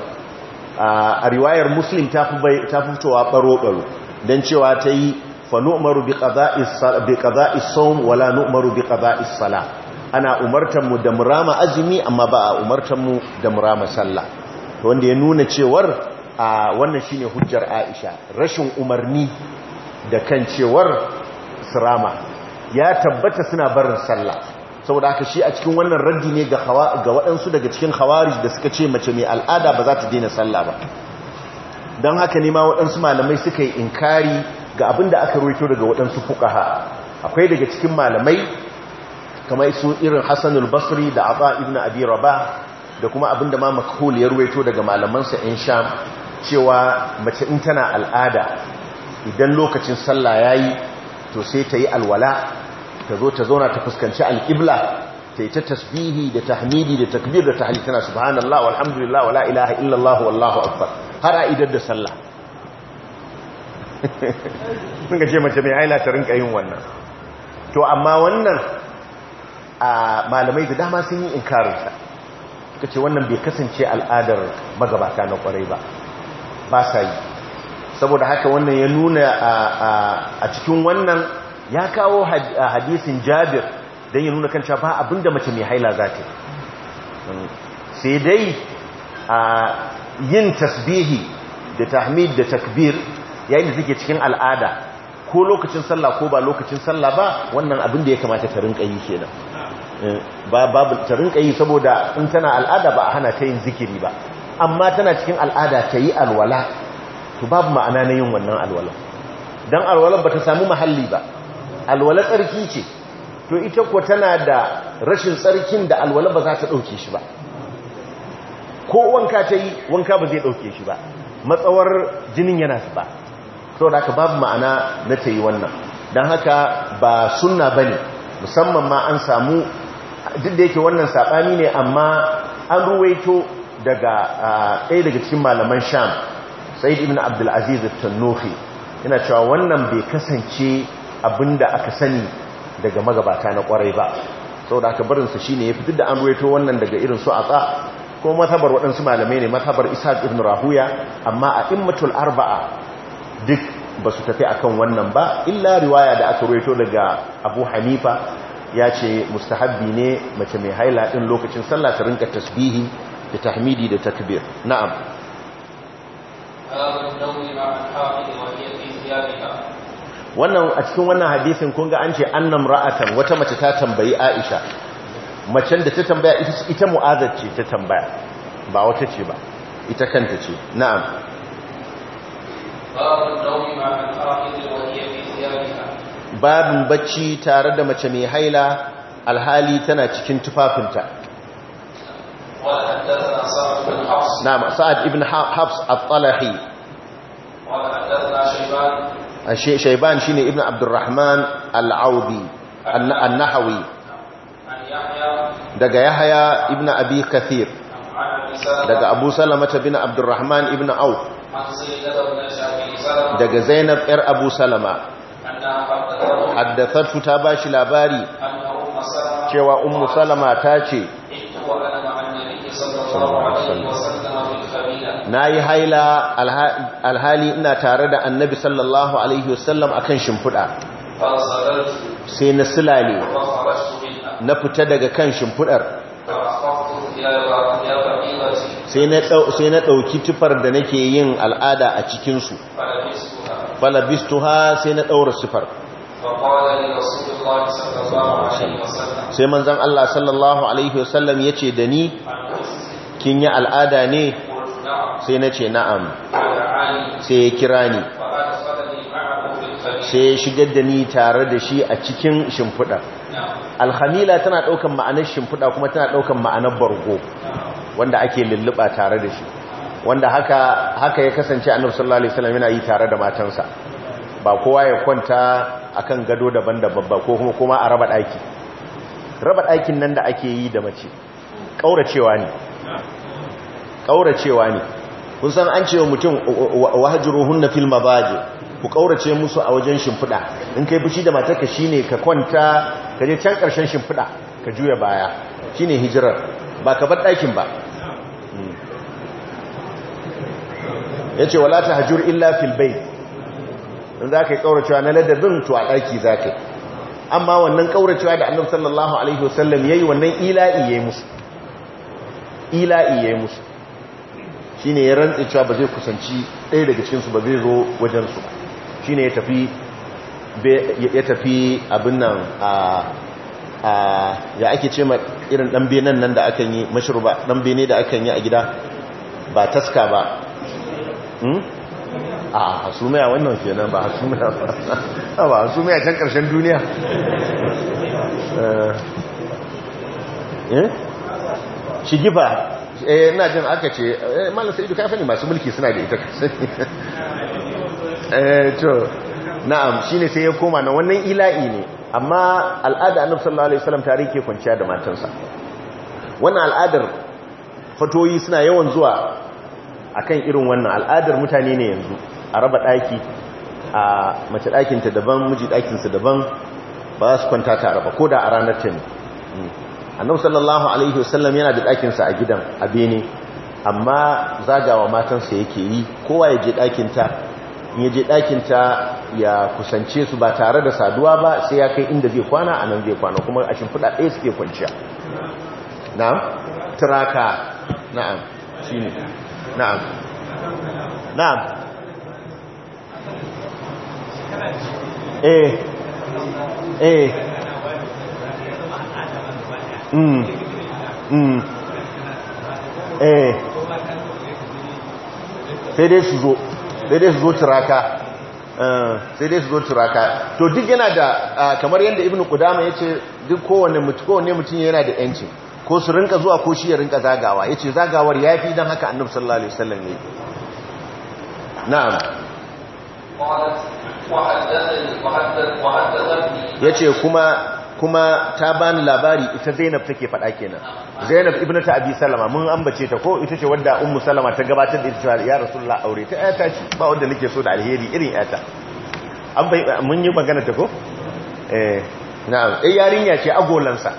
a riwayar muslim ta fitowa baro-baro don cewa ta yi fa nu'maru bi sawm wala nu'maru bi ana umartar mu da murama azumi amma ba a umartar mu da murama sallah wanda ya nuna cewar a wannan shine hujjar Aisha rashin umarni da kan cewar sirama ya tabbata suna barin sallah saboda aka shi a cikin wannan raddi ne ga waɗansu daga cikin khawarij da suka ce mace mai al'ada ba za ta daina sallah ba don haka ne ma waɗansu malamai suka yi inkari ga abin da aka roito daga waɗansu fukaha akwai daga cikin malamai kamar su irin hassanul basri da Aba ibn abi raba da kuma abin da ma makahul ya roito daga malamansa in sham cewa mace in tana al'ada idan lokacin sallah yayi to sai ta yi alwala ta zo ta zauna ta fuskanci al-qibla ta yi ta tasbihi da tahmidi da takbir da tahli tana subhanallah walhamdulillah wala ilaha illallah wallahu akbar har a idan da sallah sun ga ce mace mai aila ta rinka yin wannan to amma wannan a malamai da dama sun yi inkarinsa suka ce wannan bai kasance al'adar magabata na kwarai ba ba sa yi saboda haka wannan ya nuna a cikin wannan ya kawo hadisin jabir don yi nuna kanta ba abinda mace mai haila za ta hmm. sai dai a yin tasbihi da tahmid da takbir yayin da suke cikin al'ada ko lokacin sallah ko ba lokacin sallah ba wannan abin ya kamata ta kayi ke kenan hmm. ba babu ta saboda in tana al'ada ba a hana ta yin zikiri ba amma tana cikin al'ada ta yi alwala to babu ma'ana na yin wannan alwala don alwalar ba ta samu mahalli ba alwala tsarki ce to ita kuwa tana da rashin tsarkin da alwala ba za ta ɗauke shi ba ko wanka ta yi wanka ba zai ɗauke shi ba matsawar jinin yana ba to da aka babu ma'ana na ta yi wannan don haka ba sunna ba ne musamman ma an samu duk da yake wannan saɓani ne amma an ruwaito daga ɗaya daga cikin malaman sham sai ibn abdulaziz tannofi yana cewa wannan bai kasance Abin da aka sani daga magabata na kwarai ba sau da aka barin su shine ya duk da an ruwaito wannan daga irin su a atsa ko matabar waɗansu malamai ne matabar isa ibn Rahuya amma a immatul arba'a duk ba su tafi akan wannan ba illa riwaya da aka ruwaito daga Abu Hanifa ya ce mustahabbi ne mace mai haila ɗin lokacin sallah ta rinka tasbihi da tahmidi da takbir na'am wannan a cikin wannan hadisin kun ga an ce annam ra'atan wata mace ta tambayi Aisha macen da ta tambaya ita mu'azar ce ta tambaya ba wata ce ba ita kanta ce na'am babin bacci tare da mace mai haila alhali tana cikin tufafinta na'am sa'ad ibn hafs al-talahi shaiban shine ibn abdurrahman al-audi nahawi daga yahya ibn abi kathir daga abu salamata bin abdurrahman ibn auf daga zainab yar abu salama haddathatu ta ba shi labari cewa ummu salama ta ce na yi haila alhali ina tare da annabi sallallahu alaihi wasallam a kan shimfiɗa sai na silale na fita daga kan shimfudar. sai na ɗauki tufar da nake yin al'ada a cikinsu falabistuha sai na ɗaura sufar sai manzan Allah sallallahu alaihi wasallam ya ce da ni kin yi al'ada ne sai na ce na'am sai ya kira ni sai ya shigar da ni tare da shi a cikin shimfiɗa alhamila tana ɗaukan ma'anar shimfiɗa kuma tana ɗaukan ma'anar bargo wanda ake lulluɓa tare da shi wanda haka, ya kasance a sallallahu alaihi wasallam yana yi tare da matansa ba kowa ya kwanta akan gado daban-daban ba ko kuma a raba ɗaki raba ɗakin nan da ake yi da mace ƙauracewa ne kauracewa ne kun san an cewa mutum wahajiru hunna fil mabaji ku kaurace musu a wajen shimfida in kai fushi da ka shine ka kwanta ka je can karshen shimfida ka juya baya shine hijirar ba ka bar dakin ba hmm. yace wala tahjur illa fil bayt in zaka yi kauracewa na ladabin to a daki zaka amma wannan kauracewa da Annabi sallallahu alaihi wasallam yayi wannan ila'i yayi musu ila'i yayi musu Shi ne ya rantsi cewa ba zai kusanci ɗaya daga cikinsu ba zai zo wajensu shi ne ya tafi abin nan a ya ake ce ma irin ɗan benin nan da akan yi mashruba ɗan bene da akan yi a gida ba taska ba hmm? a hasumiya wannan kenan ba hasumiya ba ba hasumiya can ƙarshen duniya eh. eh? shigifa na eh, ina jin aka ce eh malam sa'idu kafin masu mulki suna da ita eh to na'am shine sai ya koma na wannan ila'i ne amma al'ada annabi sallallahu alaihi wasallam tare ke kwanciya da matansa wannan al'adar fatoyi suna yawan zuwa akan irin wannan al'adar mutane ne yanzu a raba daki a mace dakin ta daban miji dakin sa daban ba su kwanta tare ba koda a ranar ta ne hmm. annabi sallallahu alaihi wasallam yana da sa a gidan a bene amma zagawa matansa yake yi kowa ya je ta in ya je ɗakinta ya kusance su ba tare da saduwa ba sai ya kai inda zai kwana a nan zai kwana kuma a shimfiɗa ɗaya suke kwanciya na'am turaka na'am shine na'am na'am eh eh Mm. Mm. Eh. sai dai su zo turaka eh, sai dai su zo turaka to duk yana da kamar yadda ibn kudama ya ce duk kowane mutum yana da yanci ko su rinka zuwa ko shi ya rinka zagawa ya ce zagawar ya fi don haka annabi sallallahu alaihi wasallam ne na'am ya ce kuma kuma ta bani labari ita Zainab take faɗa kenan Zainab ibnata Abi Salama mun ambace ta ko ita ce wanda Ummu Salama ta gabatar da ita ya Rasulullah aure ta ayata ce ba wanda nake so da alheri irin ayata an bai mun yi magana ta ko eh na'am eh yarinya ce agolansa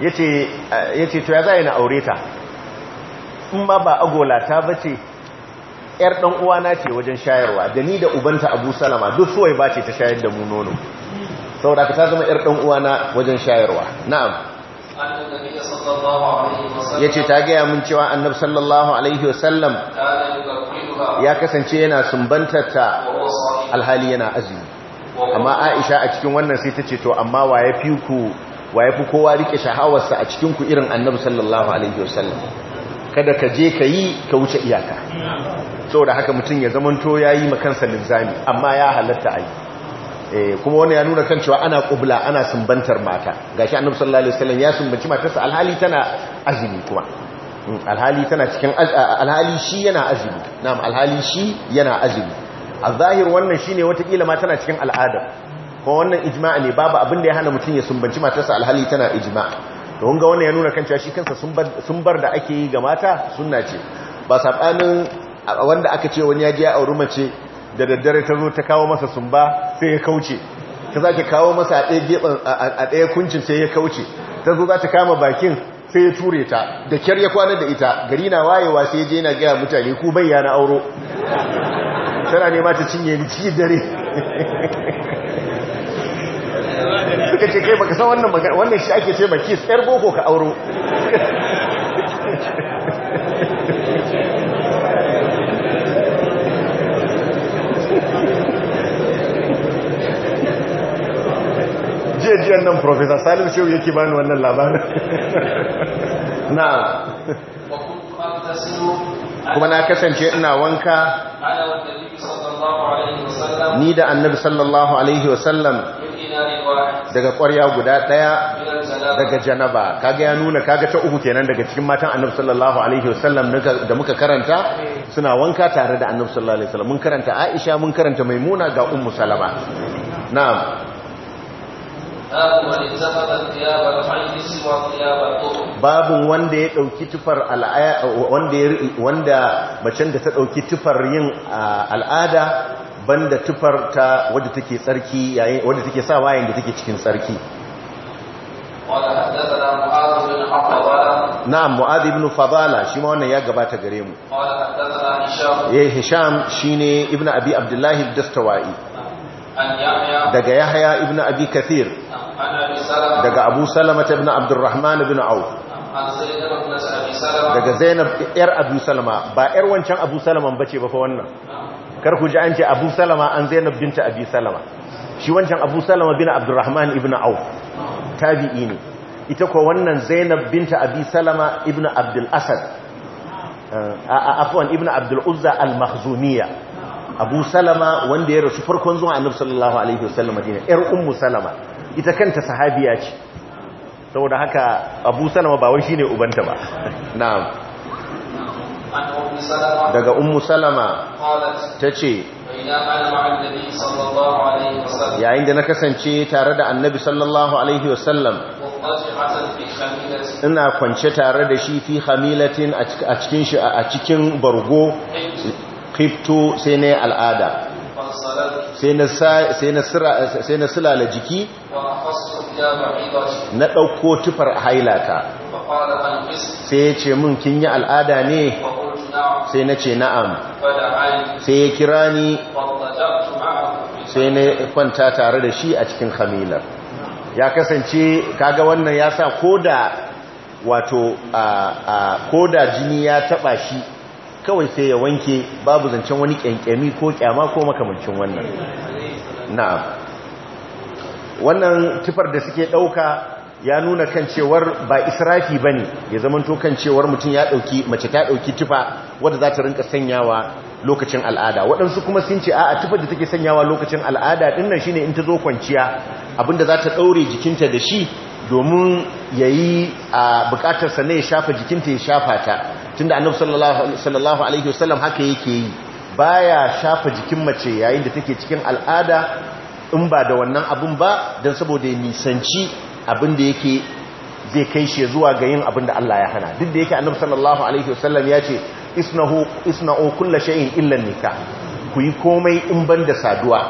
yace eh, yace to ya zai na aure ta in ma ba agola ta bace yar dan uwana ce wajen shayarwa da ni da ubanta Abu Salama duk ba ce ta shayar da mu nono saboda ka ta zama yar dan uwana wajen shayarwa na'am yace ta gaya mun cewa annabi sallallahu alaihi wasallam ya kasance yana sumbantarta alhali yana azumi amma Aisha a cikin wannan sai ta ce to amma waye fi ku waye fi kowa rike shahawarsa a cikin ku irin annabi sallallahu alaihi wasallam kada ka je ka yi ka wuce iyaka saboda haka mutum ya zamanto ya yayi makansa linzami amma ya halatta ayi Eh, kuma wani ya nuna kan cewa ana kubla ana sumbantar mata shi annabi sallallahu alaihi wasallam ya sumbanci matarsa alhali tana azumi kuma hmm, alhali tana cikin alhali shi yana azumi na'am alhali shi yana azumi a zahir wannan shine watakila ma tana cikin al'ada ko wannan ijma'a ne babu abin da ya hana mutum ya sumbanci matarsa alhali tana ijma'a to kun ga wannan ya nuna kan cewa shi kansa sumbar da ake yi ga mata sunna ce ba sabanin wanda aka ce wani ya je a auri mace da daddare ta zo ta kawo masa sumba sai ya kauce ta za ta kawo masa a ɗaya kuncin sai ya kauce ta zo za ta kama bakin sai ya ture ta da kyar ya kwana da ita gari na wayewa sai je na gaya mutane ku bayya na auro tana nema ta cinye ni cikin dare suka ce kai baka san wannan shi ake ce ba kis boko ka auro jiyan nan professor salim shehu yake bani wannan labarin na kuma na kasance ina wanka ni da annabi sallallahu alaihi wasallam daga ƙwarya guda ɗaya daga janaba kaga ya nuna kaga ta uku kenan daga cikin matan annabi sallallahu alaihi wasallam da muka karanta suna wanka tare da annabi sallallahu alaihi wasallam mun karanta aisha mun karanta maimuna ga ummu salama na'am Babu wanda ya ɗauki tufar wanda macen da ta ɗauki tufar yin al'ada banda tufar ta wadda take tsarki yayin wanda take sa wayin da take cikin tsarki na'am mu'adh ibn fadala shi ma wannan ya gabata gare mu ya eh, hisham shine ibnu abi abdullahi dastawai daga yahya ibnu abi kathir daga abu salama ta bin abdurrahman bin auf daga zainab yar abu salama ba yar wancan abu salaman bace ba fa wannan kar ku ji an ce abu salama an zainab binta abi salama shi wancan abu salama bin abdurrahman ibn auf tabi'i ne ita ko wannan zainab binta abi salama ibn abdul asad eh, afwan ibn abdul uzza al-makhzumiyya abu salama wanda ya rasu farkon zuwa annabi sallallahu alaihi wasallam madina yar ummu salama ita kanta sahabiya ce saboda haka abu salama ba wai shine ubanta ba na'am daga ummu salama ta ce yayin da na kasance tare da annabi sallallahu alaihi wasallam ina kwance tare da shi fi hamilatin a cikin bargo kifto sai ne al'ada sai na silala jiki na ɗauko tufar hailata sai ya ce mun kin yi al'ada ne sai na ce na'am sai ya kira ni sai na kwanta tare da shi a cikin hamilar ya kasance kaga wannan ya sa koda wato a koda jini ya taba shi kawai sai ya wanke babu zancen wani kyankyami ko kyama ko makamancin wannan na'am wannan tufar da suke ɗauka ya nuna kan cewar ba israfi ba ne ya zamanto kan cewar mutum ya ɗauki mace ta ɗauki tufa wadda za ta rinka sanyawa lokacin al'ada waɗansu kuma sun ce a tufar da take sanyawa lokacin al'ada ɗin nan shine in ta zo kwanciya abinda za ta ɗaure jikinta da shi domin ya yi a bukatarsa na ya shafa jikinta ya shafa ta tunda annabi sallallahu alaihi wasallam haka yake yi baya shafa jikin mace yayin da take cikin al'ada in ba da wannan abun ba dan saboda nisanci abin da yake zai kai shi zuwa ga yin abin da Allah ya hana duk da yake annabi sallallahu alaihi wasallam ya ce isnahu isna'u kullu shay'in illa nikah ku yi komai in banda saduwa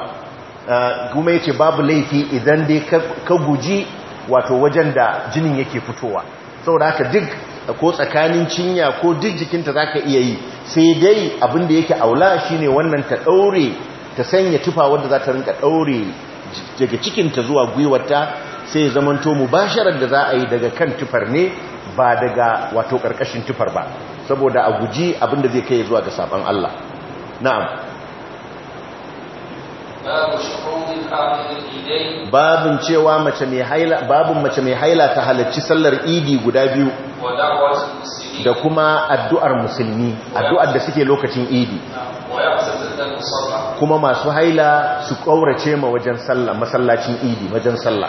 uh, kuma yace babu laifi idan dai ka guji wato wajen da jinin yake fitowa saboda haka duk ko tsakanin cinya ko duk jikinta za ka iya yi sai dai abinda yake aula shine wannan ta ɗaure ta sanya tufa wadda za ta rinka ɗaure daga cikinta zuwa gwiwarta sai zaman zamanto mu da za a yi daga kan tufar ne ba daga wato ƙarƙashin tufar ba saboda a guji abinda zai kai zuwa ga sabon Allah na'am babin cewa mace mai haila babin mace mai haila ta halarci sallar idi guda biyu da kuma addu'ar musulmi addu'ar da suke lokacin idi kuma masu haila su kaurace ma wajen sallah masallacin idi wajen sallah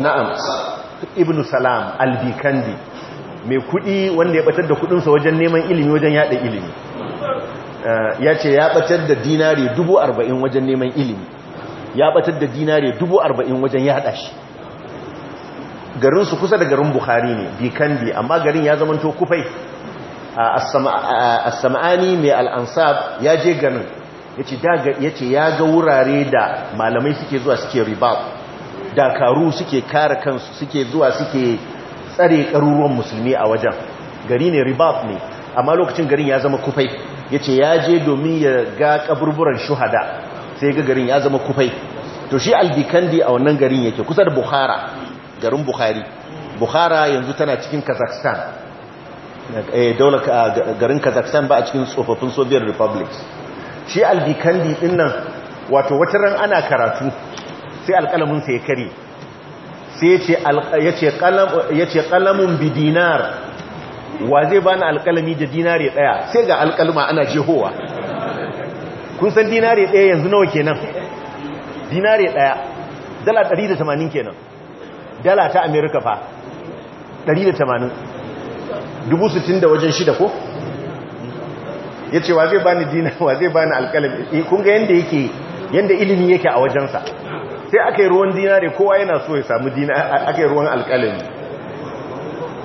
na'am ibnu salam albikandi mai kudi wanda ya batar da kudinsa wajen neman ilimi wajen yada ilimi ya ce ya batar da dinare dubu arba'in wajen neman ilimi ya batar da dinare dubu arba'in wajen yaɗa shi garinsu kusa da garin buhari ne bikandi amma garin ya zamanto kufai a sama'ani mai al'ansab ya je ganin ya ce ya ga wurare da malamai suke zuwa suke riba dakaru suke kare kansu suke zuwa suke tsare karuruwan musulmi a wajen gari ne ribab ne amma lokacin garin ya zama kufai ya ce ya je domin ya ga kaburburan shuhada sai ga garin ya zama kufai to shi albikandi a wannan garin yake kusa da bukhara garin bukhari bukhara yanzu tana cikin kazakhstan eh, daular ah, garin kazakhstan ba a cikin tsofaffin soviet Republic shi albikandi din nan wato wata ran ana karatu sai sai ya kare sai ya ce ƙalamun bidinar wa zai bani alkalami da dinare daya sai ga alkalma ana jehowa kun san dinare daya yanzu nawa kenan dinare daya dala 180 kenan dala ta america fa 180 dubu 60 da wajen shida ko ya ce wa zai bani dina wa zai ni alkalami eh, kun ga yanda yake yanda ilimi yake a wajensa sai aka yi ruwan dinare kowa yana so ya samu dina aka yi ruwan alkalami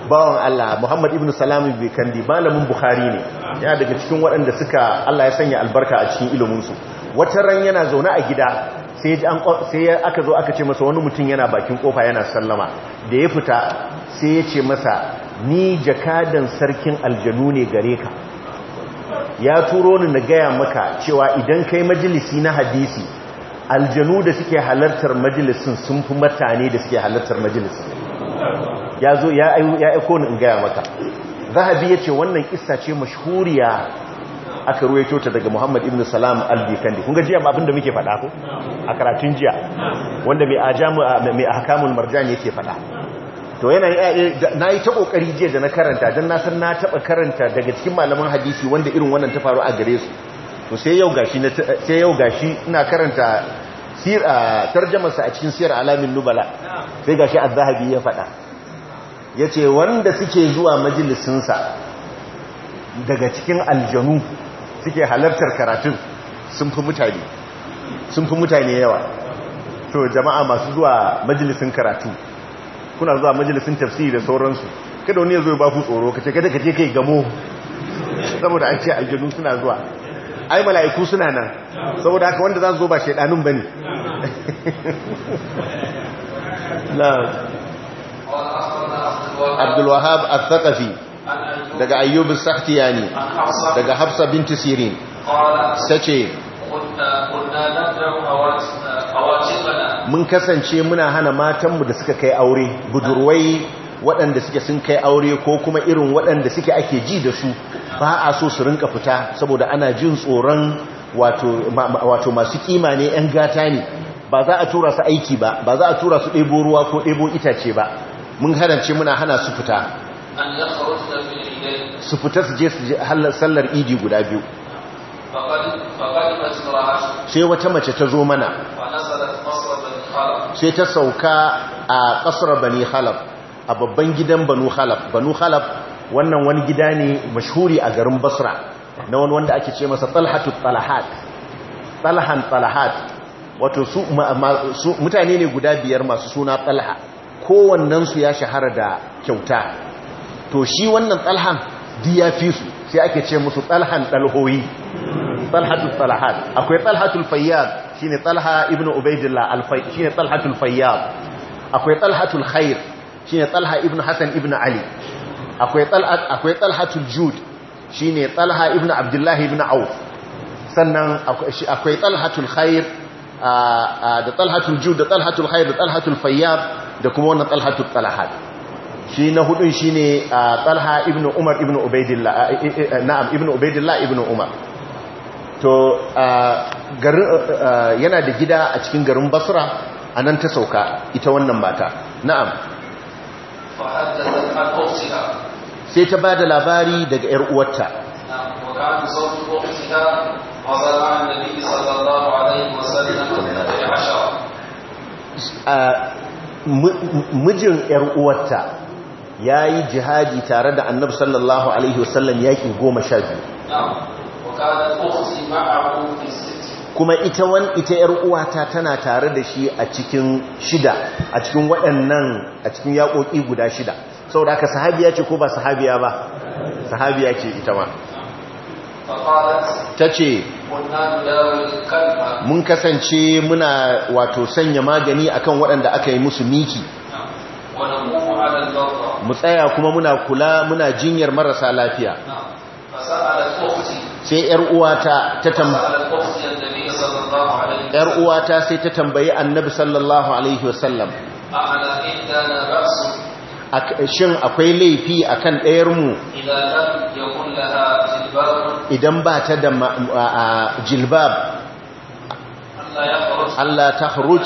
bawan Allah Muhammad ibn Salamu bai bikandi malamin Bukhari ne yana daga cikin waɗanda suka Allah ya sanya albarka a cikin ilimin su wata ran yana zaune a gida sai an sai aka zo aka ce masa wani mutum yana bakin kofa yana sallama da ya fita sai ya ce masa ni jakadan sarkin aljanu ne gare ka ya turo ni na gaya maka cewa idan kai majalisi na hadisi aljanu da suke halartar majalisin sun fi mutane da suke halartar majalisin ya zo ya aiko ni in gaya maka zahabi ya ce wannan kissa ce mashhuriya aka ruwaito ta daga Muhammad ibn Salam al-Bikandi kun ga jiya ma abinda muke faɗa ko a karatun jiya wanda mai ajamu mai ahkamul marjan yake faɗa to yana yi eh, ta kokari jiya da na karanta dan na san na taba karanta daga cikin malaman hadisi wanda irin wannan ta faru a gare su to sai yau gashi sai yau gashi ina karanta tarjamarsa a cikin siyar alamin nubala sai gashi az-zahabi ya faɗa yace wanda suke zuwa majalisinsa daga cikin aljanu suke halartar karatun sun fi mutane sun fi mutane yawa to jama'a masu zuwa majalisin karatu kuna zuwa majalisin tafsiri da sauransu kada wani ya zo ya ba ku tsoro kace kada kaje kai gamo saboda an ce aljanu suna zuwa ai mala'iku suna nan saboda haka wanda za su zo ba shaidanun ba ne abdulwahab al-thaqafi daga ayyub sakhtiyani daga hafsa binti sirin sace mun kasance muna hana matanmu da suka kai aure budurwai waɗanda suke sun kai aure ko kuma irin waɗanda suke ake ji da su ba a so su rinka fita saboda ana jin tsoron wato masu kima ne 'yan gata ne ba za a tura su aiki ba ba za a tura su ɗebo ruwa ko ɗebo itace ba mun harance muna hana su fita su fita su je su sallar idi guda biyu sai wata mace ta zo mana sai ta sauka a ƙasar bani halab a babban gidan banu khalaf banu khalaf wannan wani gida ne mashuri a garin basra na wani wanda ake ce masa talhatu talahat talhan talahat wato mutane ne guda biyar masu suna talha kowannensu ya shahara da kyauta to shi wannan talhan ya fi su sai ake ce musu talhan talhoyi talhatu talahat akwai talhatul fayyad shine talha ibnu ubaidillah alfai shine talhatul fayyad akwai talhatul khair shine Talha ibn Hassan ibn Ali akwai Talha akwai Talhatul Jud shine Talha ibn Abdullahi ibn Auf sannan akwai Talhatul Khair da Talhatul Jud da Talhatul Khair da Talhatul Fayyab da kuma wannan Talhatul Talahat shi na hudun shine Talha ibn Umar ibn Ubaidillah na'am ibn Ubaidillah ibn Umar to yana da gida a cikin garin Basra a nan ta sauka ita wannan mata na'am sai ta ba da labari daga 'yar uwarta mijin 'yar uwarta ya yi jihadi tare da annabi sallallahu alaihi wasallam yaƙi goma sha biyu kuma ita wan ita yar uwata tana tare da shi a cikin shida a cikin waɗannan a cikin yaƙoƙi guda shida saboda haka sahabiya ce ko ba sahabiya ba sahabiya ce ita ma ta ce mun kasance muna wato sanya magani akan waɗanda aka yi musu miki mu tsaya kuma muna kula muna jinyar marasa lafiya sai yar uwata ta tambaya ‘yar uwata sai ta tambayi annabi sallallahu Alaihi wasallam, shin akwai laifi a kan mu idan ba ta da jilbab Allah ta haruj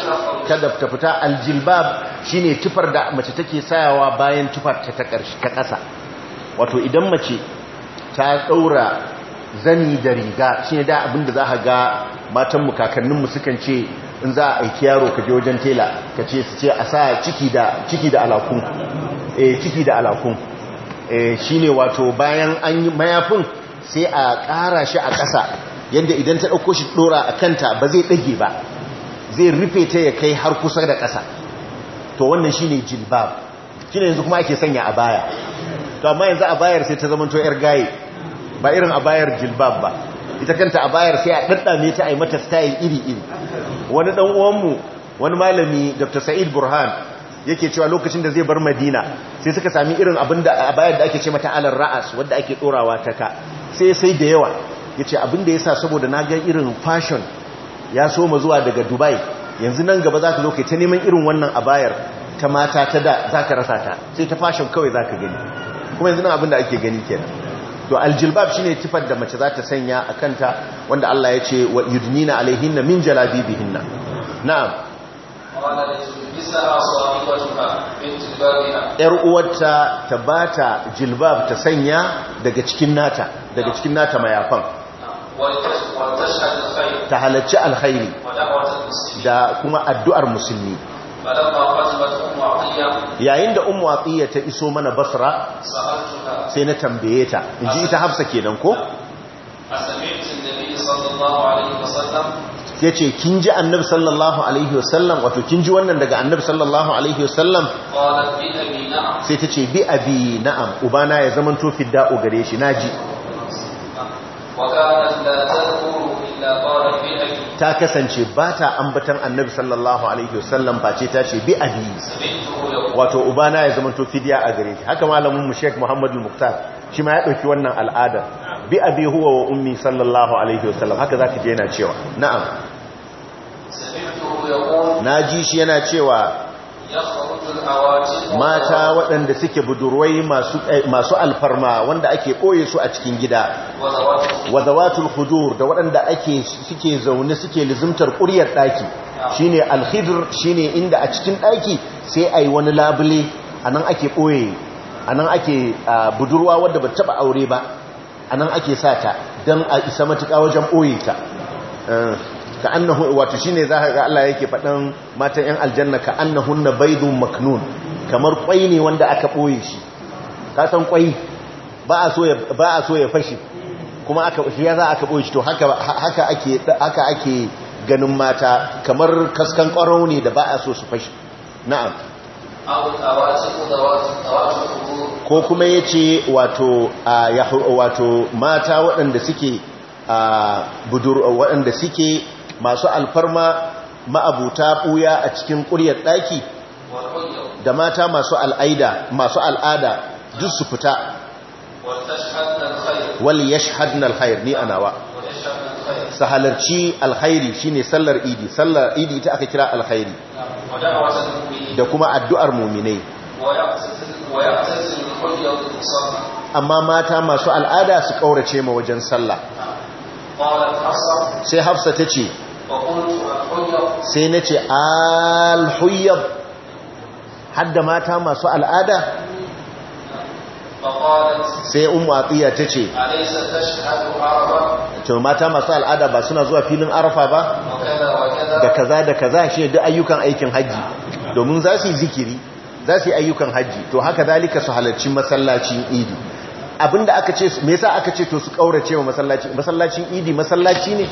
kada ta fita aljilbab shine tufar da mace take sayawa bayan tufar ta ta ƙasa wato idan mace ta ɗaura zani da riga shi ne da abinda za a ga matanmu kakanninmu sukan ce in za a aiki yaro ka je wajen tela ka ce su ce a sa ciki da alakun eh ciki da alakun eh shi ne wato bayan an yi mayafin sai a kara shi a ƙasa yadda idan ta ɗauko shi ɗora a kanta ba zai ɗage ba zai rufe ta ya kai har kusa da ƙasa to wannan shi ne jilbab shi ne yanzu kuma ake sanya a baya to amma yanzu a bayar sai ta zama to 'yar gaye ba irin abayar jilbab ba ita kanta a abayar sai a ɗanɗame ta ai mata style iri iri wani dan uwanmu wani malami Dr. Sa'id Burhan yake cewa lokacin da zai bar Madina sai suka sami irin a abayar da ake ce mata alar ra'as wanda ake ɗorawa ta ka sai sai da yawa yace ya sa saboda na ga irin fashion ya soma zuwa daga Dubai yanzu nan gaba zaka zo kai ta neman irin wannan a bayar ta mata ta da za ka rasa ta sai ta fashion kawai za ka gani kuma yanzu nan abin da ake gani kenan to aljilbab shine tifar da mace za ta sanya a kanta wanda Allah ya ce wa yudnina alaihinna min jalabibihinna na'am yar uwarta ta bata jilbab ta sanya daga cikin nata daga cikin nata mayafan ta halarci alkhairi da kuma addu'ar musulmi yayin da umu atiya ta iso mana basra sai na tambaye ta ji ita hafsa kenan ko ya ce kin ji annabi sallallahu alaihi wasallam wato kin ji wannan daga annabi sallallahu alaihi wasallam sai ta ce bi abi na'am ubana ya zama tofin da'o gare shi na ji. ta kasance ba ta ambatan annabi sallallahu alaihi wasallam ba ce ta ce bi abi wato ubana ya zama to fidiya a gare shi haka malamin mu Sheikh Muhammadu Muktar shi ma ya dauki wannan al'ada bi abi huwa wa ummi sallallahu alaihi wasallam haka zaka je yana cewa na'am na ji shi yana cewa mata waɗanda suke budurwai eh, masu alfarma wanda ake ɓoye su a cikin gida wazawatul hudur da waɗanda ake suke zaune suke lizimtar ƙuryar ɗaki shine alhidr shine inda a cikin ɗaki sai a yi wani labule a nan ake ɓoye a nan ake budurwa wadda ba taɓa aure ba a nan ake sata don a isa matuƙa wajen ɓoye ta eh. ka annahu wato shine za ka ga Allah yake faɗan matan yan aljanna ka annahunna baydun maknun kamar kwai ne wanda aka boye shi ka san kwai ba a so ya ba a so ya fashi kuma aka shi ya za aka boye shi to haka haka ake haka ake ganin mata kamar kaskan ƙwarau ne da ba a so su fashi na'am ko kuma ya ce wato wato mata waɗanda suke waɗanda suke masu alfarma ma'abuta ɓuya a cikin ƙuryar ɗaki da mata masu al'aida masu al'ada duk su fita wal yashhadna alkhair ni anawa su halarci alkhairi shine sallar idi sallar idi ta aka kira alkhairi da kuma addu'ar muminai amma mata masu al'ada su kaurace ma wajen sallah sai hafsa ta ce sai na ce alhuyyab hadda mata masu al'ada sai umu tsiya ta ce to mata masu al'ada ba suna zuwa filin arafa ba da kaza da kaza shi da ayyukan aikin hajji domin za su yi zikiri za su yi ayyukan hajji to haka dalika su halarci masallacin idi abinda aka ce me yasa aka ce to su kaurace wa masallaci masallacin idi masallaci ne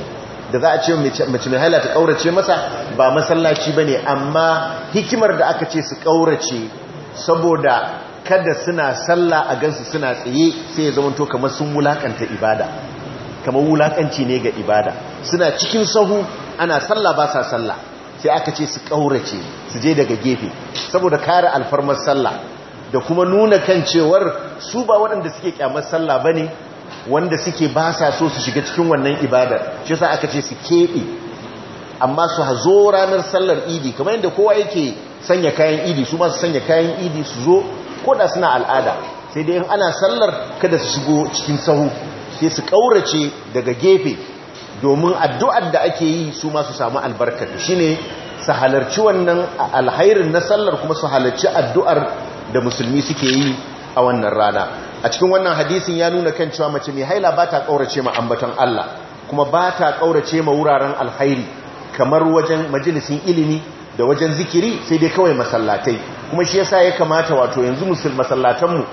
da za a ce mace mai haila ta kaurace masa ba masallaci bane amma hikimar da aka ce su kaurace saboda kada suna sallah a gansu suna tsaye sai ya zamanto kamar sun wulakanta ibada kamar wulakanci ne ga ibada suna cikin sahu ana sallah ba sa sallah sai aka ce su kaurace su je daga gefe saboda kare alfarmar sallah da kuma nuna kan cewar su ba waɗanda suke kyamar sallah ba ne wanda suke ba sa so su shiga cikin wannan ibada shi sa aka ce su keɓe amma su hazo ranar sallar idi kamar yadda kowa yake sanya kayan idi su su sanya kayan idi su zo ko da suna al'ada sai dai in ana sallar kada su shigo cikin sahu sai su ƙaurace daga gefe domin addu'ar da ake yi su ma su samu albarkar shi ne su halarci wannan alhairin na sallar kuma su halarci addu'ar da musulmi suke yi a wannan rana a cikin wannan hadisin ya nuna kan cewa mace mai haila ba ta ƙaurace ma ambaton Allah kuma ba ta ƙaurace ma wuraren alhairi kamar wajen majalisin ilimi da wajen zikiri sai dai kawai masallatai kuma shi yasa ya kamata wato yanzu musul masallatanmu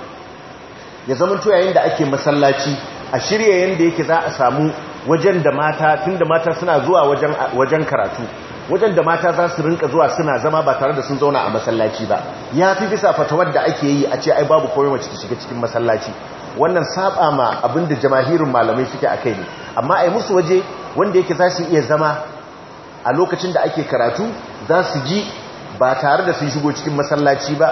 ya zamanto yayin da ake masallaci a shirya yanda yake za a samu wajen da mata tunda mata suna zuwa wajen karatu Wajen da mata za su rinka zuwa suna zama ba tare da sun zauna a masallaci ba ya fi bisa fatawar da ake yi a ce ai babu komai mace ta shiga cikin masallaci wannan saba ma abin da jamahirin malamai suke a kai ne amma ai musu waje wanda yake za su iya zama a lokacin da ake karatu za su ji ba tare da sun shigo cikin masallaci ba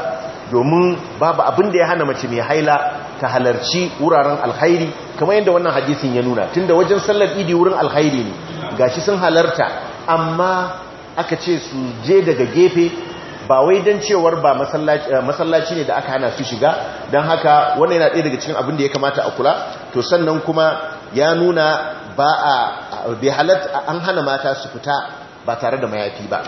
domin babu abin da ya hana mace mai haila ta halarci wuraren alkhairi kamar yadda wannan hadisin ya nuna tunda wajen sallar idi wurin alkhairi ne gashi sun halarta amma aka ce su je daga gefe ba wai don cewar ba eh, masallaci ne da aka hana su shiga don haka wani yana ɗaya daga cikin abin da ya kamata a kula to sannan kuma ya nuna ba a bai an hana mata su fita ba tare da mayafi ba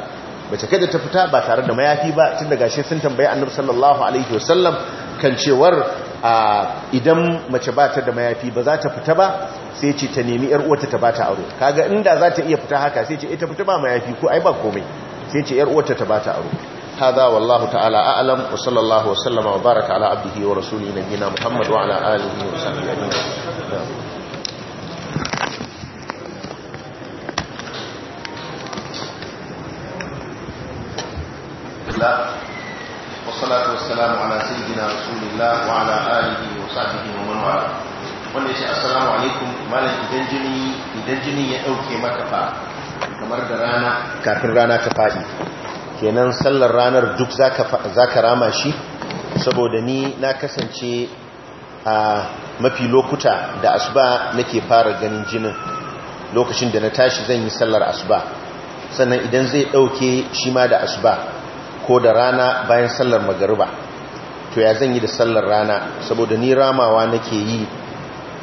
bace kai da ta fita ba tare da mayafi ba tun daga shi sun tambaye annabi sallallahu alaihi wasallam kan cewar idan mace ba ta da mayafi ba za ta fita ba sai ce ta nemi yar uwarta ta bata aro kaga inda za ta iya fita haka sai ce ita fita ba mayafi ko ai ba komai sai ce yar uwarta ta bata aro هذا والله تعالى أعلم وصلى baraka ala وبارك wa rasulina ورسوله نبينا wa ala آله وصحبه أجمعين الله والصلاة والسلام على سيدنا رسول الله وعلى آله وصحبه ومن والاه wanda ya assalamu alaikum malam idan jini idan jini ya dauke maka fa kamar da rana kafin rana ta fadi kenan sallar ranar duk zaka zaka rama shi saboda ni na kasance a mafi lokuta da asuba nake fara ganin jinin lokacin da na tashi zan yi sallar asuba sannan idan zai dauke shi ma da asuba ko da rana bayan sallar magariba to ya zan yi da sallar rana saboda ni ramawa nake yi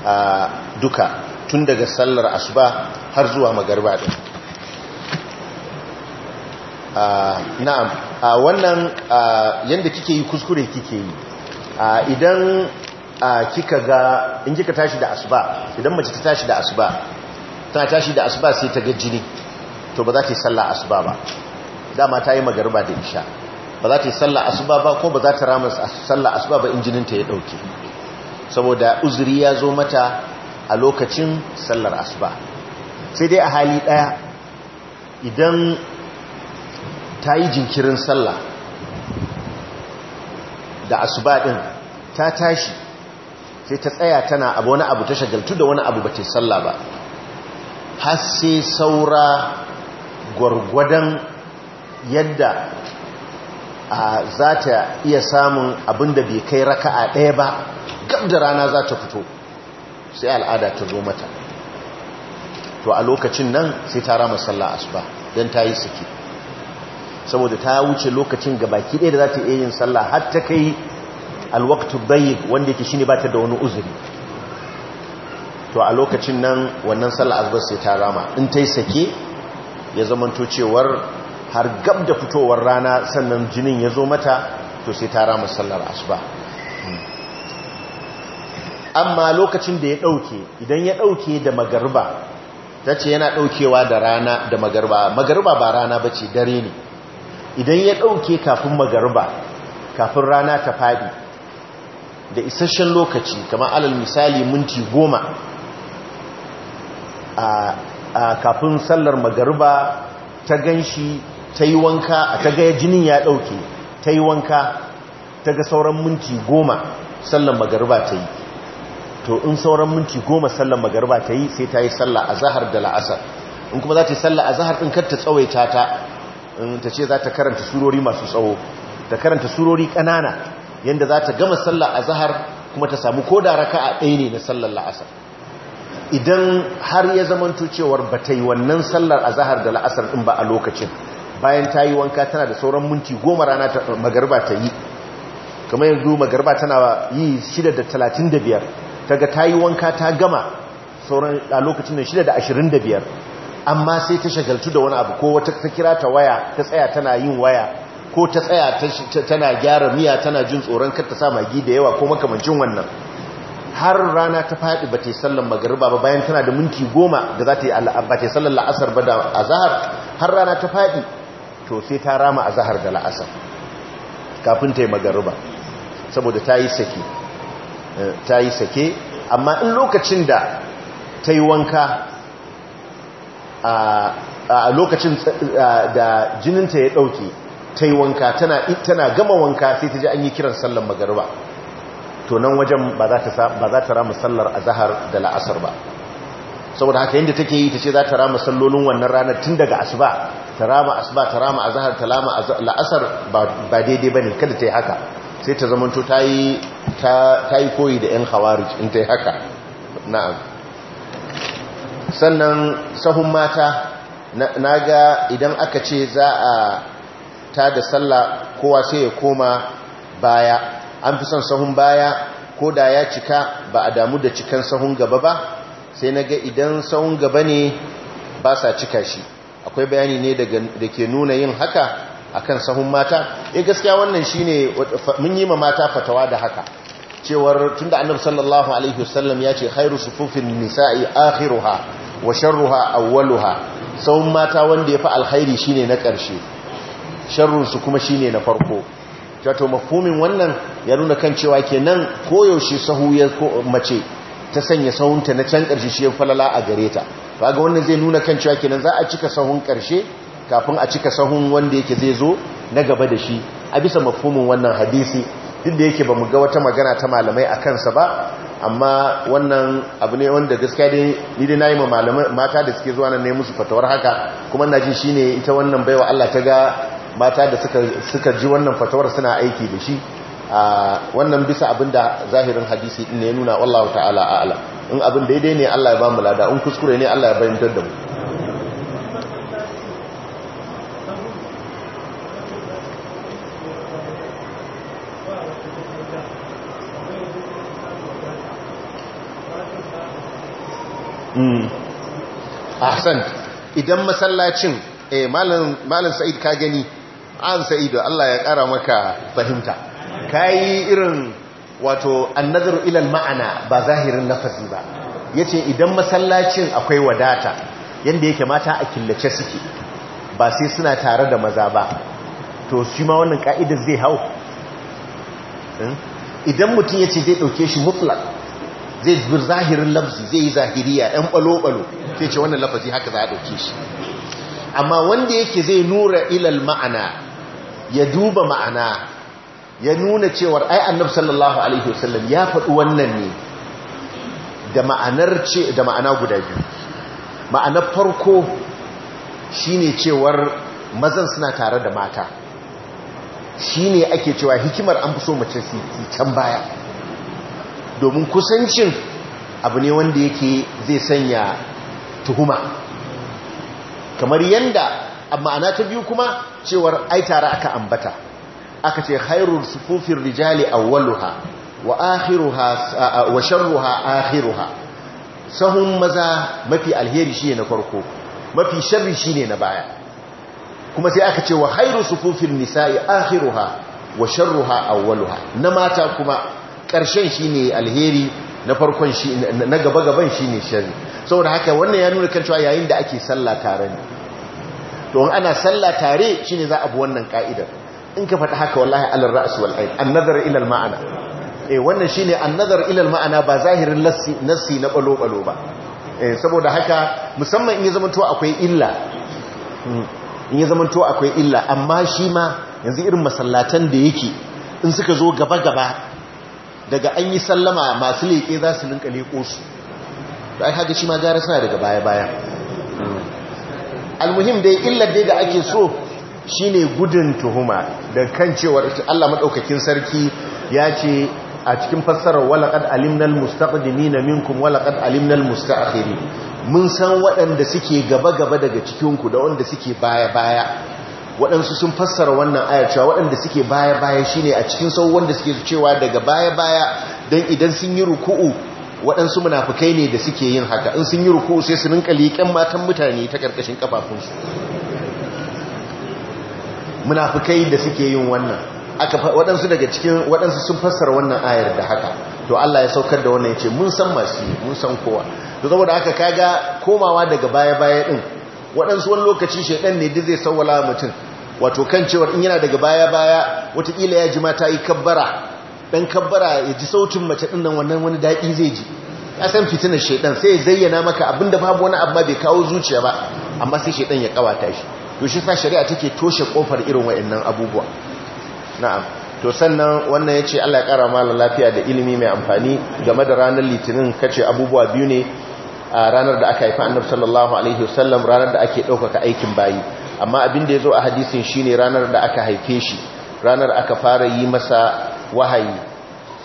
a duka tun daga sallar asuba har zuwa magariba din na'am a wannan yadda kike yi kuskure kike yi idan kika ga in kika tashi da asuba idan mace ta tashi da asuba tana tashi da asuba sai ta ga jini to ba za ta yi sallar asuba ba dama ta yi magarba da isha ba za ta yi sallah asuba ba ko ba za ta rama sallah asuba ba in injininta ya dauke saboda uzuri ya zo mata a lokacin sallar asuba sai dai a hali daya idan ta yi jinkirin sallah da asuba din ta tashi sai ta tsaya tana abu wani abu ta shagaltu da wani abu ba ta yi sallah ba har sai saura gwargwadon yadda za ta iya samun abin da bai kai raka a ɗaya ba gab da rana za ta fito sai al'ada ta zo mata to a lokacin nan sai ta rama sallah asuba don ta yi suke saboda ta wuce lokacin gabaki ɗaya da za ta iya yin sallah har ta kai alwaktu bayi wanda yake shine bata da wani uzuri to a lokacin nan wannan sallah asuba sai ta rama in ta yi sake ya zamanto cewar har gab da fitowar rana sannan jinin ya zo mata to sai ta rama sallar asuba amma lokacin da ya ɗauke idan ya ɗauke da magarba ta ce yana ɗaukewa da rana da magarba magarba ba rana ba ce dare ne idan ya ɗauke kafin magarba kafin rana ta faɗi da isasshen lokaci kamar alal misali minti goma a kafin sallar magarba ta ganshi ta yi wanka a ta gaya jinin ya ɗauke ta yi wanka ta ga sauran minti goma sallan magariba ta yi to in sauran minti goma sallan magariba ta yi sai ta yi sallah a zahar da la'asar in kuma za ta yi sallah a zahar ɗin kar ta tsawaita ta ta ce za ta karanta surori masu tsawo ta karanta surori ƙanana yadda za ta gama sallah a zahar kuma ta samu ko da raka a ɗaya ne na sallar la'asar idan har ya zamanto cewar ba yi wannan sallar a zahar da la'asar ɗin ba a lokacin bayan ta yi wanka tana da sauran minti goma rana ta magarba ta yi kamar yanzu magarba tana yi 6:35 daga ta yi wanka ta gama sauran a lokacin da 6:25 amma sai ta shagaltu da wani abu ko wata ta kira ta waya ta tsaya tana yin waya ko ta tsaya tana gyara miya tana jin tsoron kar ta sa magi da yawa ko makamancin wannan har rana ta faɗi ba ta yi sallan magariba ba bayan tana da minti goma da za ta yi ba ta yi sallan la'asar ba da azahar har rana ta faɗi to sai ta rama a zahar da la'asar kafin ta yi magaruba saboda ta yi sake eh, ta yi sake amma in lokacin da ta yi wanka a lokacin da jininta ya ɗauke ta yi wanka tana gama wanka sai ta ji an yi kiran sallar magaruba to nan wajen ba za ta rama sallar a zahar da la'asar ba saboda haka yadda take yi ta ce za ta rama sallolin wannan ranar tun daga asuba ta rama asuba ta rama azahar ta rama la'asar ba daidai ba ne kada ta yi haka sai ta zamanto ta yi koyi da 'yan hawarij in ta yi haka na'am sannan sahun mata na ga idan aka ce za a ta da sallah kowa sai ya koma baya an fi son sahun baya ko da ya cika ba a damu da cikan sahun gaba ba sai na ga idan saun gaba ne ba sa cika shi akwai bayani ne da ke nuna yin haka akan sahun mata eh, gaskiya wannan shine mun yi ma mata fatawa da haka cewar tunda annabi sallallahu alaihi wasallam ya ce khairu sufufin nisa'i akhiruha wa sharruha awwaluha sahun mata wanda ya fi alkhairi shine na ƙarshe sharrun su kuma shine na farko wato mafhumin wannan ya nuna kan cewa kenan koyaushe sahu ya mace ta sanya sahunta na can ƙarshe shi ya falala a gare ta ba ga wannan zai nuna kan cewa kenan za a cika sahun ƙarshe kafin a cika sahun wanda yake zai zo na gaba da shi a bisa mafumin wannan hadisi duk da yake ba mu ga wata magana ta malamai a kansa ba amma wannan abu ne wanda gaskiya dai ni dai nayi ma mata da suke zuwa nan ne musu fatawar haka kuma ina ji shine ita wannan baiwa Allah ta ga mata da suka suka ji wannan fatawar suna aiki da shi wannan bisa abinda zahirin hadisi din ne nuna wallahu ta'ala a'lam in abin daidai ne Allah ya ba mu lada in kuskure ne Allah ya bayyana da mu hmm. ahsan idan masallacin eh malam malam sa'id ka gani an sa'id Allah ya kara maka fahimta kayi irin wato annazar ilal ma'ana ba zahirin lafazi ba yace idan masallacin akwai wadata yanda yake mata a killace suke ba sai suna tare da maza ba to shi ma wannan ka'idar zai hau hmm? idan mutum yace zai dauke shi mutlaq zai zuwa zahirin lafzi zai yi zahiriya ɗan ɓalo-ɓalo sai ce wannan lafazi haka za a ɗauke shi amma wanda yake zai nura ilal ma'ana ya duba ma'ana ya nuna cewar ai annab sallallahu alaihi wasallam ya faɗi wannan ne da ma'anar ce da ma'ana guda biyu ma'anar farko shine cewar mazan suna tare da mata shine ake cewa hikimar an fi mace su can baya domin kusancin abu ne wanda yake zai sanya tuhuma kamar yanda ma'ana ta biyu kuma cewar ai tare aka ambata aka ce khairul sufufin rijali awwaluha wa wa sharruha akhiruha sahun maza mafi alheri shine na farko mafi sharri shine na baya kuma sai aka ce wa khairu sufufin nisa'i akhiruha wa sharruha awwaluha na mata kuma karshen ne alheri na farkon shi na gaba gaban ne sharri saboda haka wannan ya nuna kan yayin da ake sallah tare ne to ana sallah tare shi ne za a bi wannan ka'idar in ka faɗi haka wallahi alal ra'su wal ayn an-nazar ila al-ma'ana eh wannan shine an-nazar ila al-ma'ana ba zahirin nassi na balo balo ba eh saboda haka musamman in ya zamanto akwai illa hmm, in ya zamanto akwai illa amma shi ma yanzu irin masallatan da yake in suka zo gaba gaba daga an yi sallama masu leƙe za su linka leko su dai haka shi ma gara suna daga baya baya hmm. almuhim dai illar dai da ake so Shi ne gudun tuhuma da kan cewar Allah maɗaukakin sarki ya ce a cikin fassarar walaqad alimnal mustaqdimina minkum walaqad alimnal mustaakhirin mun san waɗanda suke gaba gaba daga cikinku da wanda suke baya baya waɗansu sun fassara wannan ayar cewa waɗanda suke baya baya shi ne a cikin sau wanda suke cewa daga baya baya don idan sun yi ruku'u waɗansu munafukai ne da suke yin haka in sun yi ruku'u sai su rinka leƙen matan mutane ta ƙarƙashin ƙafafunsu munafikai da suke yin wannan aka waɗansu daga cikin waɗansu sun fassara wannan ayar da haka to Allah ya saukar da wannan yace mun san masu mun san kowa to saboda haka kaga komawa daga baya baya din waɗansu wani lokaci shedan ne duk zai sawwala mutum wato kan cewa in yana daga baya baya watakila ya ji mata yi kabbara dan kabbara ya ji sautin mace din nan wannan wani daɗi zai ji ya san fitinar shedan sai ya zayyana maka abin da babu wani abu ma bai kawo zuciya ba amma sai shedan ya kawata shi to shi sa shari'a take toshe kofar irin wa'annan abubuwa na'am to sannan wannan yace Allah ya kara mala lafiya da ilimi mai amfani game da ranar litinin kace abubuwa biyu ne a ranar da aka haifa annabi sallallahu alaihi wasallam ranar da ake ɗaukaka aikin bayi amma abin da ya zo a hadisin shine ranar da aka haife shi ranar aka fara yi masa wahayi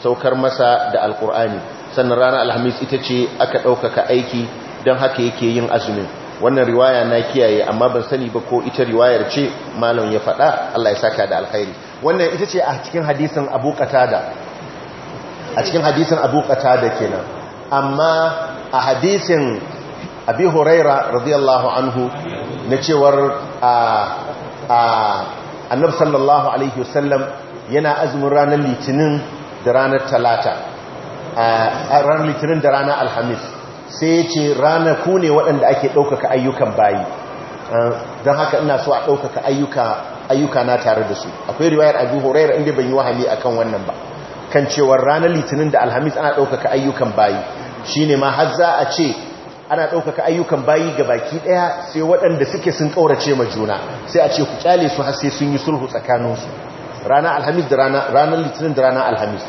saukar masa da alkur'ani sannan ranar alhamis ita ce aka ɗaukaka aiki don haka yake yin azumin wannan riwaya na kiyaye amma ban sani ba ko ita riwayar ce malam ya faɗa Allah ya saka da alkhairi wannan ita ce a cikin hadisin Abu Qatada a cikin hadisin Abu Qatada kenan amma a hadisin Abi Huraira radiyallahu anhu na cewar a a sallallahu alaihi wasallam yana azumin ranar Litinin da ranar Talata a ranar Litinin da ranar Alhamis sai ya ce rana ku ne waɗanda ake ɗaukaka ayyukan bayi eh, don haka ina so a ɗaukaka ayyuka na tare da su akwai riwayar abu horaira inda ban yi wahali a wannan ba kan cewar ranar litinin da alhamis ana ɗaukaka ayyukan bayi shi ne ma har za a ce ana ɗaukaka ayyukan bayi ga baki ɗaya sai waɗanda suke sun ƙaurace ma juna sai a ce ku ƙyale su har sai sun yi sulhu tsakaninsu ranar da ranar litinin da ranar alhamis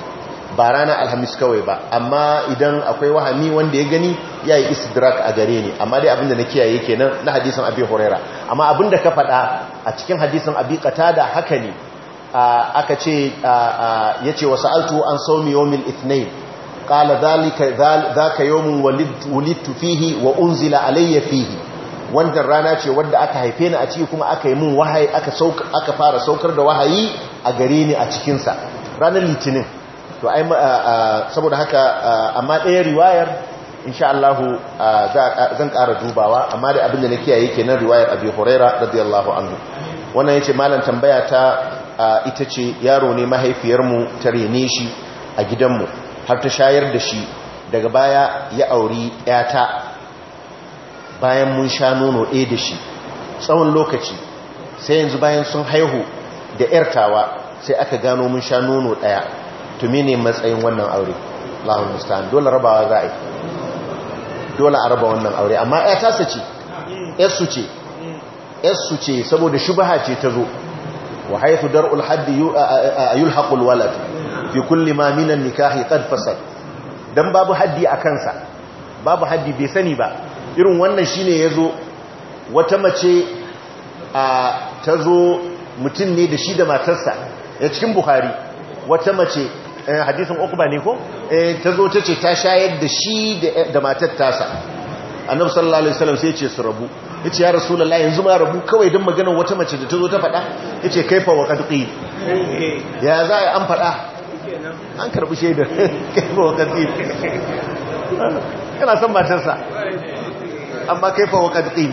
ba rana alhamis kawai ba amma idan akwai wahami wanda ya gani ya yi istidrak a gare ni amma dai abinda na kiyaye kenan na hadisin abi huraira amma abinda ka faɗa a cikin hadisin abi da haka ne aka ce ya ce wasu altu an saumi yomin itnain ƙala za ka yomin walittu fihi wa unzila alayya fihi wannan rana ce wadda aka haife ni a ciki kuma aka yi mun wahayi aka fara saukar da wahayi a gare ni a cikinsa ranar litinin to ai saboda haka amma ɗaya riwayar insha Allah zan ƙara dubawa amma da abin da na kiyaye kenan riwayar Abi Huraira radiyallahu anhu wannan yace malam tambaya ta ita ce yaro ne mahaifiyar mu ta rene shi a gidan mu har ta shayar da shi daga baya ya auri yata bayan mun sha nono ɗaya da shi tsawon lokaci sai yanzu bayan sun haihu da tawa sai aka gano mun sha nono ɗaya to mene matsayin wannan aure Allahul musta'an dole rabawa za a dole a raba wannan aure amma ta tasa ce su ce yarsu ce saboda shubha ce ta zo wa haythu dar'ul haddi yulhaqul walad fi kulli ma minan nikahi qad fasad dan babu haddi a kansa babu haddi bai sani ba irin wannan shine yazo wata mace a tazo mutum ne da shi da matarsa ya cikin buhari wata mace Eh, hadisin ukuba ne ko eh, ta zo ta ce ta shayar da shi da matar tasa annabi sallallahu alaihi wasallam sai ya ce su rabu yace ya rasulullahi yanzu ma rabu kawai dan maganar wata mace da ta zo ta faɗa yace kaifa wa qadqi ya za a an faɗa an karbi shaidar kaifa wa qadqi yana son matarsa amma kaifa wa qadqi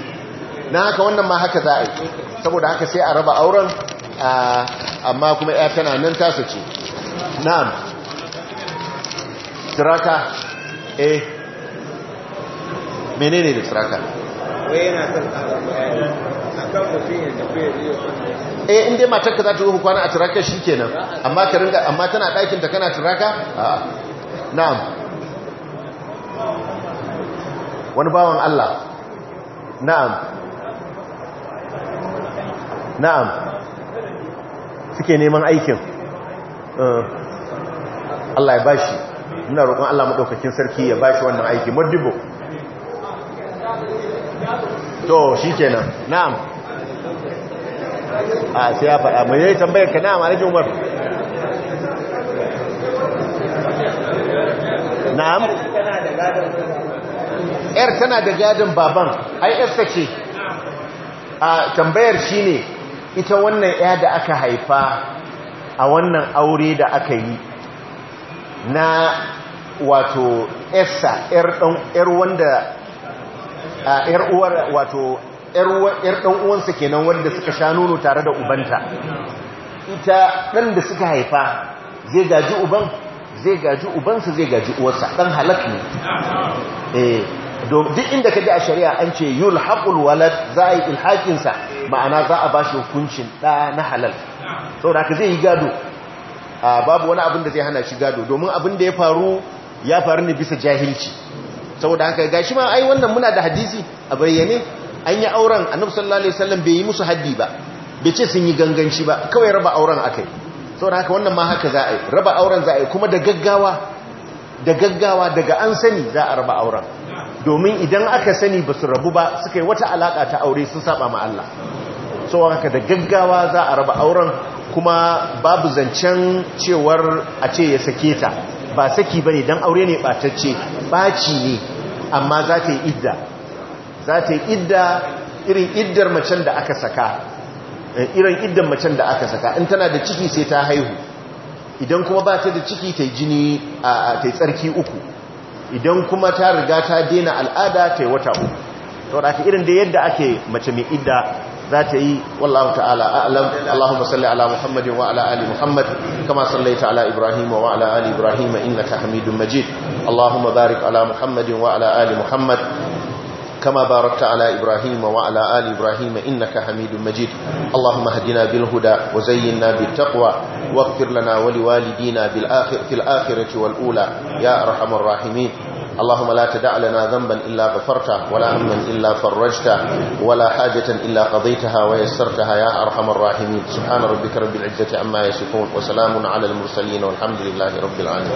Na haka wannan ma haka za a yi saboda haka sai a raba auren amma kuma ya tana nan tasa ce na'am tiraka ايه منين da tiraka وين yana son eh inda matarka za ta yi kwana a shi shikenan amma ka ringa amma tana ɗakin ta kana turaka? a'a na'am wani bawan Allah na'am na'am suke neman aikin Allah ya bashi ina roƙon Allah maɗaukakin sarki ya bashi wannan aiki madibo to shi kenan na'am a sai ya faɗa mai zai tambayar ka na'am alhaji umar na'am yar tana da gadin baban ai yarsa ce a tambayar shi ne ita wannan ya da aka haifa a wannan aure da aka yi na wato essa ‘yar wanda ‘yar uwar wato ‘yar uwansa kenan wanda suka sha nono tare da ubanta ita dan da suka haifa zai gaji uban zai gaji ubansa zai gaji uwarsa ɗan eh ne duk inda ka ji a shari'a an ce yul walad za a yi ma'ana za a ba shi hukuncin da na halal saboda haka zai yi gado a babu wani abin da zai hana shi gado domin abin da ya faru ya faru ne bisa jahilci saboda haka gashi ma ai wannan muna da hadisi a bayyane an yi auren a sallallahu alaihi wasallam bai yi musu haddi ba bai ce sun yi ganganci ba kawai raba auren akai saboda haka wannan ma haka za a yi raba auren za a yi kuma da gaggawa da gaggawa daga an sani za a raba auren domin idan aka sani ba su rabu ba suka yi wata alaka ta aure sun saba ma Allah tsohon haka da gaggawa za a raba auren kuma babu zancen cewar a ce ya sake ta ba saki bane dan aure ne batacce baci ne amma za ta yi idda za ta yi idda irin iddar macen da aka saka eh, irin iddan macen da aka saka in tana da ciki sai ta haihu idan kuma ba ta da ciki ta jini a ta tsarki uku idan kuma ta riga ta daina al'ada ta yi wata uku to da irin da yadda ake mace mai idda za ta yi wallahu ta'ala Allahumma salli ala Muhammadin wa ala ali Muhammad kama sallaita ala Ibrahim wa ala ali Ibrahim innaka Hamidum Majid Allahumma barik ala Muhammadin wa ala ali Muhammad اللهم لا تدع لنا ذنبا إلا غفرته ولا هما إلا فرجته ولا حاجة إلا قضيتها ويسرتها يا أرحم الراحمين سبحان ربك رب العزة عما يصفون وسلام على المرسلين والحمد لله رب العالمين